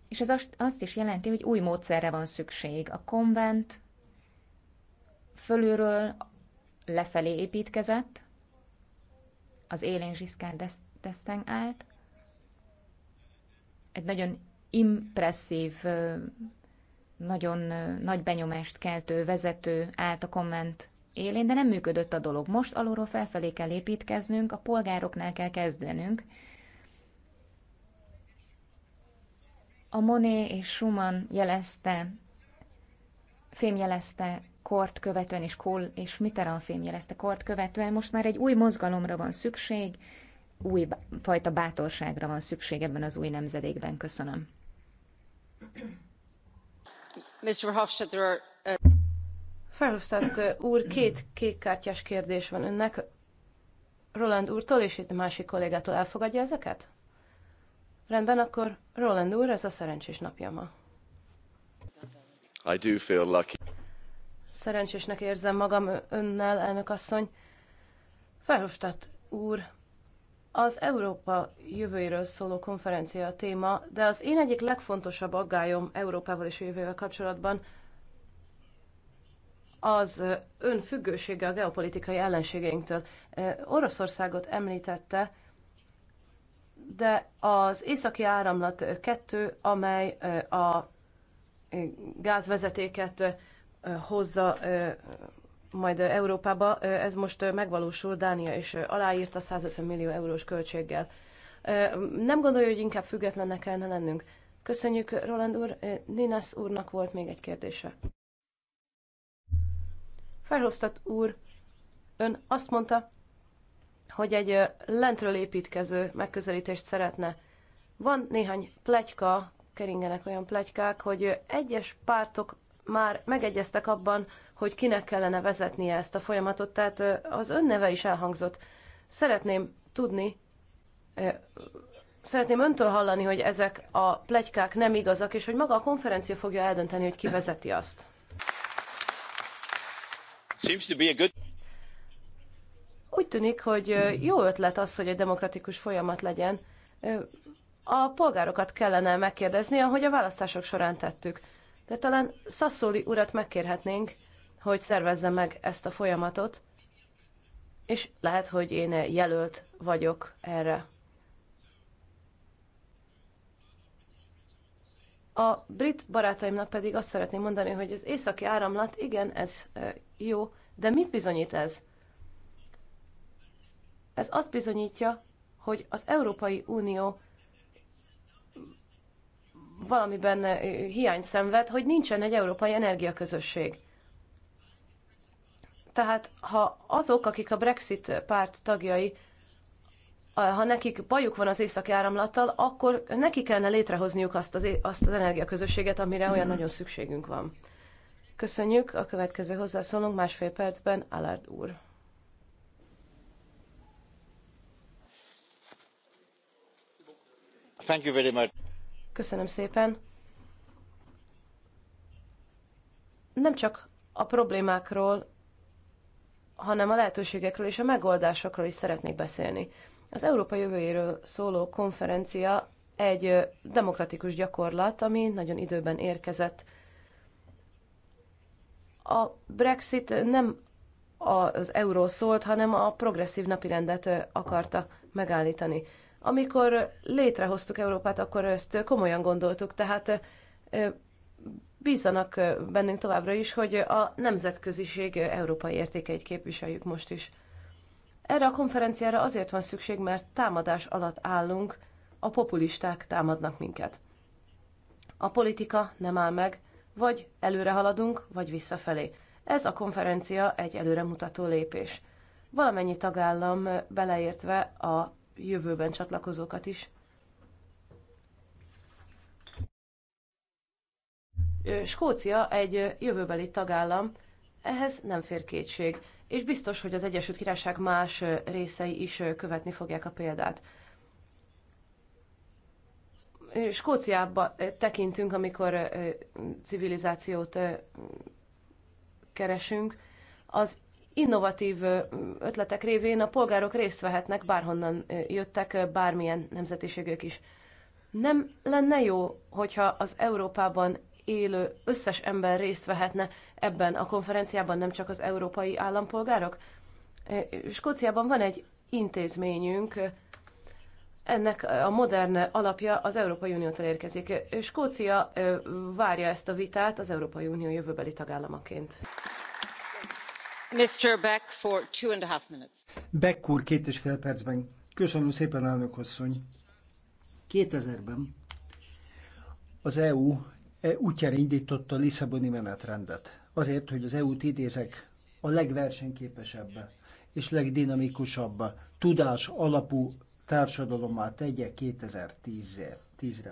És ez azt is jelenti, hogy új módszerre van szükség. A konvent fölülről lefelé építkezett, az élén Zsiszkár teszten állt, egy nagyon impresszív, nagyon nagy benyomást keltő vezető állt a komment élén, de nem működött a dolog. Most alulról felfelé kell építkeznünk, a polgároknál kell kezdenünk. A Monet és Schumann jelezte, fémjelezte kort követően, és Kohl és Mitterrand fémjelezte kort követően, most már egy új mozgalomra van szükség, új fajta bátorságra van szükség ebben az új nemzedékben. Köszönöm. Mr. Hofstadter, Felhoztat úr, két kékkártyás kérdés van önnek. Roland úrtól és itt a másik kollégától elfogadja ezeket? Rendben, akkor Roland úr, ez a szerencsés napja ma. I do feel lucky. Szerencsésnek érzem magam önnel, elnök asszony. Felhoztat úr, az Európa jövőjéről szóló konferencia a téma, de az én egyik legfontosabb aggályom Európával és jövővel kapcsolatban az ön függősége a geopolitikai ellenségeinktől. Oroszországot említette, de az északi áramlat kettő, amely a gázvezetéket hozza majd Európába, ez most megvalósul, Dánia is aláírta 150 millió eurós költséggel. Nem gondolja, hogy inkább függetlennek kellene lennünk? Köszönjük, Roland úr. Ninas úrnak volt még egy kérdése. Felhoztat úr, ön azt mondta, hogy egy lentről építkező megközelítést szeretne. Van néhány plegyka, keringenek olyan plegykák, hogy egyes pártok már megegyeztek abban, hogy kinek kellene vezetnie ezt a folyamatot, tehát az ön neve is elhangzott. Szeretném tudni, szeretném öntől hallani, hogy ezek a plegykák nem igazak, és hogy maga a konferencia fogja eldönteni, hogy ki vezeti azt. Úgy tűnik, hogy jó ötlet az, hogy egy demokratikus folyamat legyen. A polgárokat kellene megkérdezni, ahogy a választások során tettük. De talán Szaszóli urat megkérhetnénk, hogy szervezze meg ezt a folyamatot, és lehet, hogy én jelölt vagyok erre. A brit barátaimnak pedig azt szeretném mondani, hogy az északi áramlat, igen, ez e, jó, de mit bizonyít ez? Ez azt bizonyítja, hogy az Európai Unió valamiben e, hiány szenved, hogy nincsen egy európai energiaközösség. Tehát ha azok, akik a Brexit párt tagjai, ha nekik bajuk van az északi áramlattal, akkor neki kellene létrehozniuk azt az, azt az energiaközösséget, amire olyan nagyon szükségünk van. Köszönjük, a következő hozzászólunk másfél percben, Allard úr. Thank you very much. Köszönöm szépen. Nem csak a problémákról, hanem a lehetőségekről és a megoldásokról is szeretnék beszélni. Az Európa jövőjéről szóló konferencia egy demokratikus gyakorlat, ami nagyon időben érkezett. A Brexit nem az euró szólt, hanem a progresszív napirendet akarta megállítani. Amikor létrehoztuk Európát, akkor ezt komolyan gondoltuk, tehát bízanak bennünk továbbra is, hogy a nemzetköziség európai értékeit képviseljük most is. Erre a konferenciára azért van szükség, mert támadás alatt állunk, a populisták támadnak minket. A politika nem áll meg, vagy előre haladunk, vagy visszafelé. Ez a konferencia egy előremutató lépés. Valamennyi tagállam beleértve a jövőben csatlakozókat is. Skócia egy jövőbeli tagállam, ehhez nem fér kétség és biztos, hogy az Egyesült Királyság más részei is követni fogják a példát. Skóciába tekintünk, amikor civilizációt keresünk, az innovatív ötletek révén a polgárok részt vehetnek, bárhonnan jöttek, bármilyen nemzetiségük is. Nem lenne jó, hogyha az Európában élő összes ember részt vehetne ebben a konferenciában, nem csak az európai állampolgárok? E, Skóciában van egy intézményünk, ennek a modern alapja az Európai Uniótól érkezik. Skócia e, várja ezt a vitát az Európai Unió jövőbeli tagállamaként. Mr. Beck, for two and a half minutes. Beck úr, két és fél percben. Köszönöm szépen, elnök asszony. 2000-ben az EU E útjára indította a Lisszaboni menetrendet. Azért, hogy az EU-t idézek a legversenyképesebb és legdinamikusabb tudás alapú társadalommá tegye 2010-re.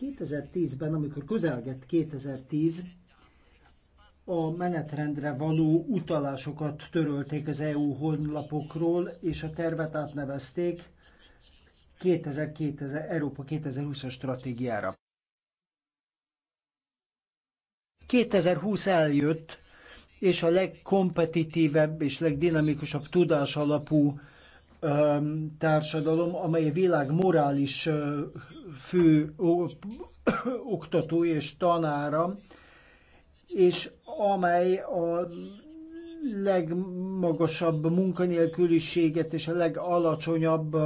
2010-ben, amikor közelgett 2010, a menetrendre való utalásokat törölték az EU honlapokról, és a tervet átnevezték 2000, 2000, Európa 2020-as stratégiára. 2020 eljött, és a legkompetitívebb és legdinamikusabb tudás alapú társadalom, amely a világ morális fő oktató és tanára, és amely a legmagasabb munkanélküliséget és a legalacsonyabb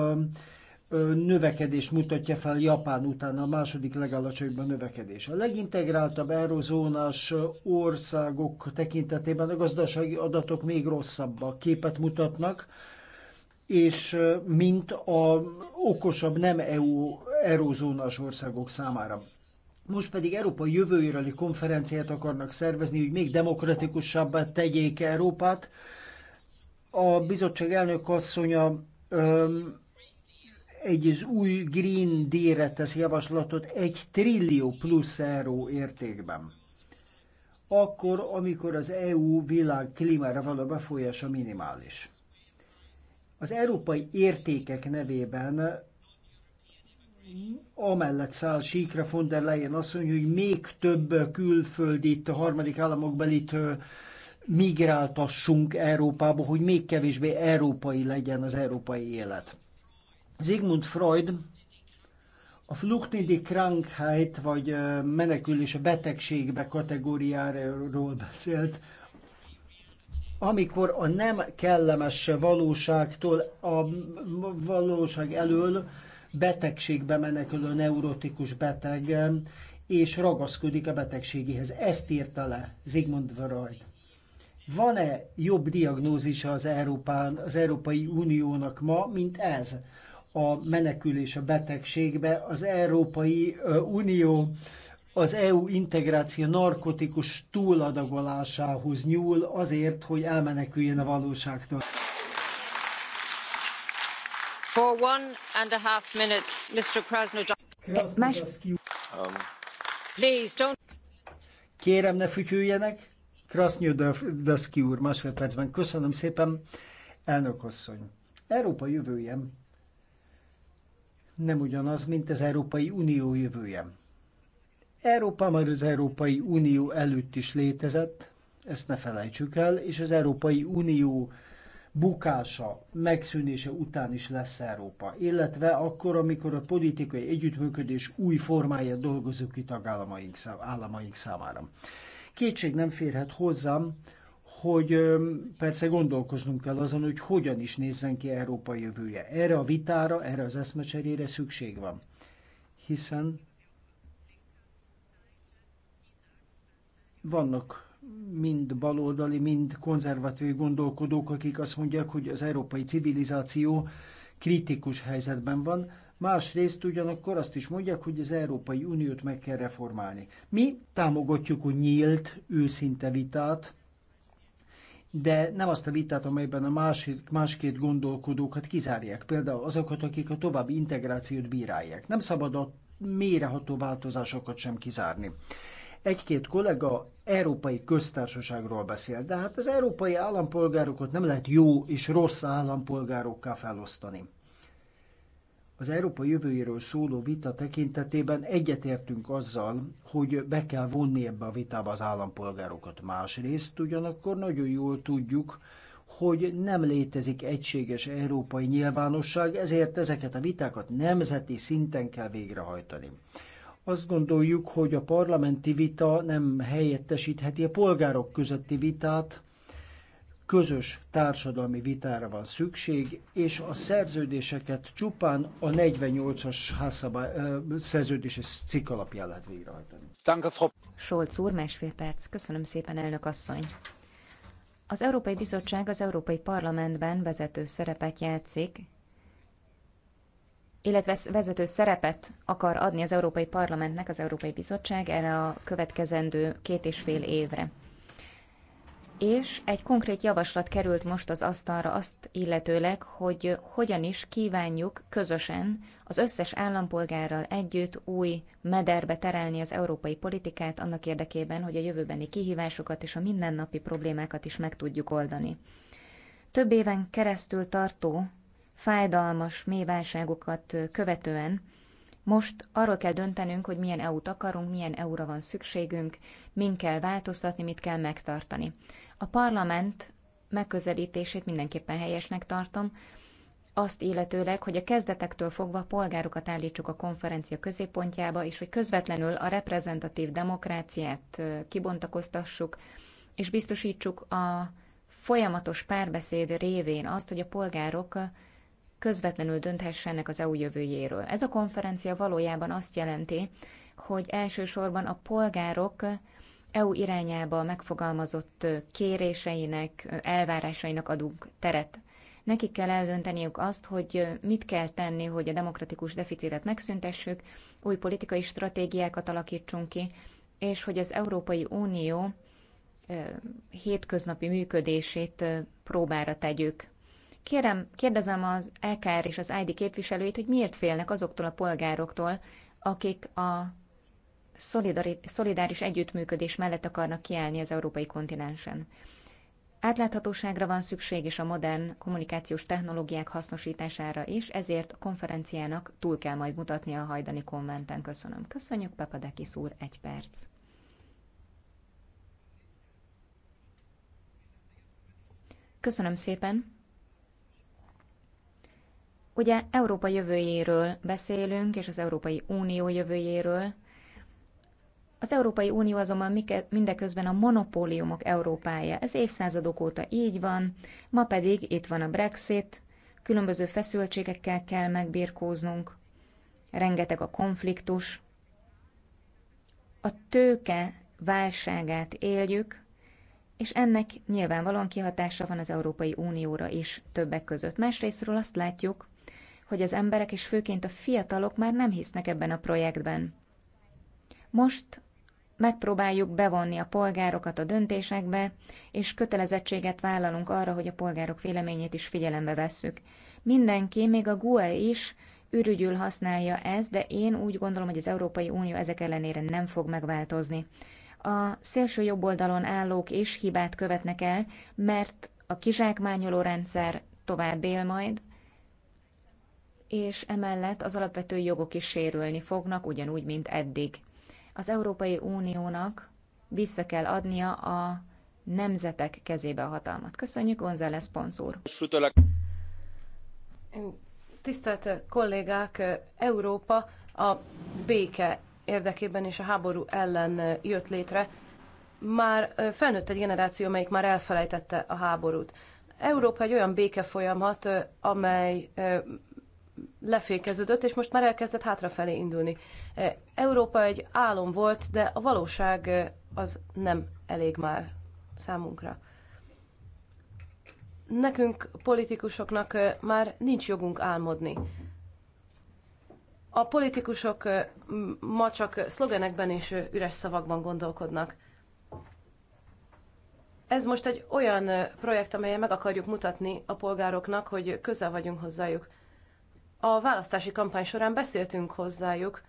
növekedés mutatja fel Japán után a második legalacsonyabb a növekedés. A legintegráltabb eurozónás országok tekintetében a gazdasági adatok még rosszabb a képet mutatnak, és mint a okosabb nem EU eurozónás országok számára. Most pedig Európa jövőjéreli konferenciát akarnak szervezni, hogy még demokratikusabbá tegyék Európát. A bizottság elnök asszonya öm, egy az új Green Deal-re tesz javaslatot egy trillió plusz euró értékben. Akkor, amikor az EU világ klímára való befolyása minimális. Az európai értékek nevében amellett száll síkra von der Leyen asszony, hogy még több külföldit, a harmadik államokbelit migráltassunk Európába, hogy még kevésbé európai legyen az európai élet. Sigmund Freud a Fluchtnidi Krankheit, vagy menekülés a betegségbe kategóriáról beszélt, amikor a nem kellemes valóságtól, a valóság elől betegségbe menekülő neurotikus beteg, és ragaszkodik a betegségéhez. Ezt írta le Zigmund Freud. Van-e jobb diagnózisa az, Európán, az Európai Uniónak ma, mint ez? a menekülés a betegségbe. Az Európai Unió az EU integráció narkotikus túladagolásához nyúl azért, hogy elmeneküljön a valóságtól. For one and a half minutes, Mr. Krasnodar... Krasnodowski. Please don't... Kérem, ne fütyüljenek. Krasznyodoszki úr, másfél percben. Köszönöm szépen, elnök asszony. Európa jövője nem ugyanaz, mint az Európai Unió jövője. Európa már az Európai Unió előtt is létezett, ezt ne felejtsük el, és az Európai Unió bukása, megszűnése után is lesz Európa, illetve akkor, amikor a politikai együttműködés új formáját dolgozunk ki tagállamaink államaink számára. Kétség nem férhet hozzám, hogy persze gondolkoznunk kell azon, hogy hogyan is nézzen ki Európa jövője. Erre a vitára, erre az eszmecserére szükség van. Hiszen vannak mind baloldali, mind konzervatív gondolkodók, akik azt mondják, hogy az európai civilizáció kritikus helyzetben van, másrészt ugyanakkor azt is mondják, hogy az Európai Uniót meg kell reformálni. Mi támogatjuk a nyílt, őszinte vitát, de nem azt a vitát, amelyben a másik, másként gondolkodókat hát kizárják, például azokat, akik a további integrációt bírálják. Nem szabad a méreható változásokat sem kizárni. Egy-két kollega európai köztársaságról beszél, de hát az európai állampolgárokat nem lehet jó és rossz állampolgárokká felosztani az Európa jövőjéről szóló vita tekintetében egyetértünk azzal, hogy be kell vonni ebbe a vitába az állampolgárokat. Másrészt ugyanakkor nagyon jól tudjuk, hogy nem létezik egységes európai nyilvánosság, ezért ezeket a vitákat nemzeti szinten kell végrehajtani. Azt gondoljuk, hogy a parlamenti vita nem helyettesítheti a polgárok közötti vitát, közös társadalmi vitára van szükség, és a szerződéseket csupán a 48-as házszabály, szerződéses cikk alapján lehet végrehajtani. Solc úr, másfél perc. Köszönöm szépen, elnök asszony. Az Európai Bizottság az Európai Parlamentben vezető szerepet játszik, illetve vezető szerepet akar adni az Európai Parlamentnek az Európai Bizottság erre a következendő két és fél évre és egy konkrét javaslat került most az asztalra azt illetőleg, hogy hogyan is kívánjuk közösen az összes állampolgárral együtt új mederbe terelni az európai politikát annak érdekében, hogy a jövőbeni kihívásokat és a mindennapi problémákat is meg tudjuk oldani. Több éven keresztül tartó, fájdalmas mélyválságokat követően most arról kell döntenünk, hogy milyen EU-t akarunk, milyen EU-ra van szükségünk, min kell változtatni, mit kell megtartani. A parlament megközelítését mindenképpen helyesnek tartom, azt illetőleg, hogy a kezdetektől fogva a polgárokat állítsuk a konferencia középpontjába, és hogy közvetlenül a reprezentatív demokráciát kibontakoztassuk, és biztosítsuk a folyamatos párbeszéd révén azt, hogy a polgárok közvetlenül dönthessenek az EU jövőjéről. Ez a konferencia valójában azt jelenti, hogy elsősorban a polgárok EU irányába megfogalmazott kéréseinek, elvárásainak adunk teret. Nekik kell eldönteniük azt, hogy mit kell tenni, hogy a demokratikus deficitet megszüntessük, új politikai stratégiákat alakítsunk ki, és hogy az Európai Unió hétköznapi működését próbára tegyük. Kérem, kérdezem az EKR és az ID képviselőit, hogy miért félnek azoktól a polgároktól, akik a szolidáris együttműködés mellett akarnak kiállni az európai kontinensen. Átláthatóságra van szükség és a modern kommunikációs technológiák hasznosítására is, ezért a konferenciának túl kell majd mutatnia a hajdani konventen. Köszönöm. Köszönjük, Papadakis úr, egy perc. Köszönöm szépen. Ugye Európa jövőjéről beszélünk, és az Európai Unió jövőjéről, az Európai Unió azonban mindeközben a monopóliumok Európája. Ez évszázadok óta így van, ma pedig itt van a Brexit, különböző feszültségekkel kell megbirkóznunk, rengeteg a konfliktus. A tőke válságát éljük, és ennek nyilvánvalóan kihatása van az Európai Unióra is többek között. Másrésztről azt látjuk, hogy az emberek és főként a fiatalok már nem hisznek ebben a projektben. Most megpróbáljuk bevonni a polgárokat a döntésekbe, és kötelezettséget vállalunk arra, hogy a polgárok véleményét is figyelembe vesszük. Mindenki, még a GUE is ürügyül használja ezt, de én úgy gondolom, hogy az Európai Unió ezek ellenére nem fog megváltozni. A szélső jobb oldalon állók is hibát követnek el, mert a kizsákmányoló rendszer tovább él majd, és emellett az alapvető jogok is sérülni fognak, ugyanúgy, mint eddig. Az Európai Uniónak vissza kell adnia a nemzetek kezébe a hatalmat. Köszönjük, González szponzor. Tisztelt kollégák, Európa a béke érdekében és a háború ellen jött létre. Már felnőtt egy generáció, melyik már elfelejtette a háborút. Európa egy olyan békefolyamat, amely lefékeződött, és most már elkezdett hátrafelé indulni. E, Európa egy álom volt, de a valóság e, az nem elég már számunkra. Nekünk, politikusoknak e, már nincs jogunk álmodni. A politikusok ma csak szlogenekben és üres szavakban gondolkodnak. Ez most egy olyan projekt, amelyet meg akarjuk mutatni a polgároknak, hogy közel vagyunk hozzájuk a választási kampány során beszéltünk hozzájuk.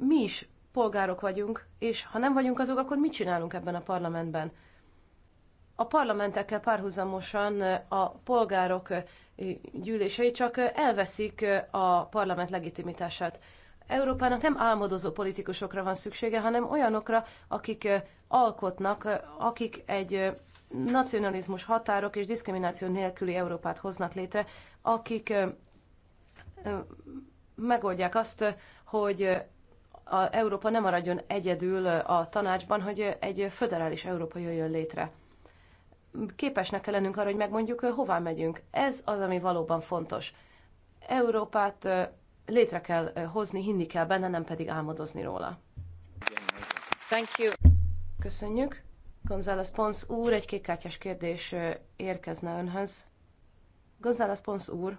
Mi is polgárok vagyunk, és ha nem vagyunk azok, akkor mit csinálunk ebben a parlamentben? A parlamentekkel párhuzamosan a polgárok gyűlései csak elveszik a parlament legitimitását. Európának nem álmodozó politikusokra van szüksége, hanem olyanokra, akik alkotnak, akik egy nacionalizmus határok és diszkrimináció nélküli Európát hoznak létre, akik megoldják azt, hogy a Európa nem maradjon egyedül a tanácsban, hogy egy föderális Európa jöjjön létre. Képesnek kell lennünk arra, hogy megmondjuk, hová megyünk. Ez az, ami valóban fontos. Európát létre kell hozni, hinni kell benne, nem pedig álmodozni róla. Thank you. Köszönjük. González Pons úr, egy kékkártyás kérdés érkezne önhöz. González Pons úr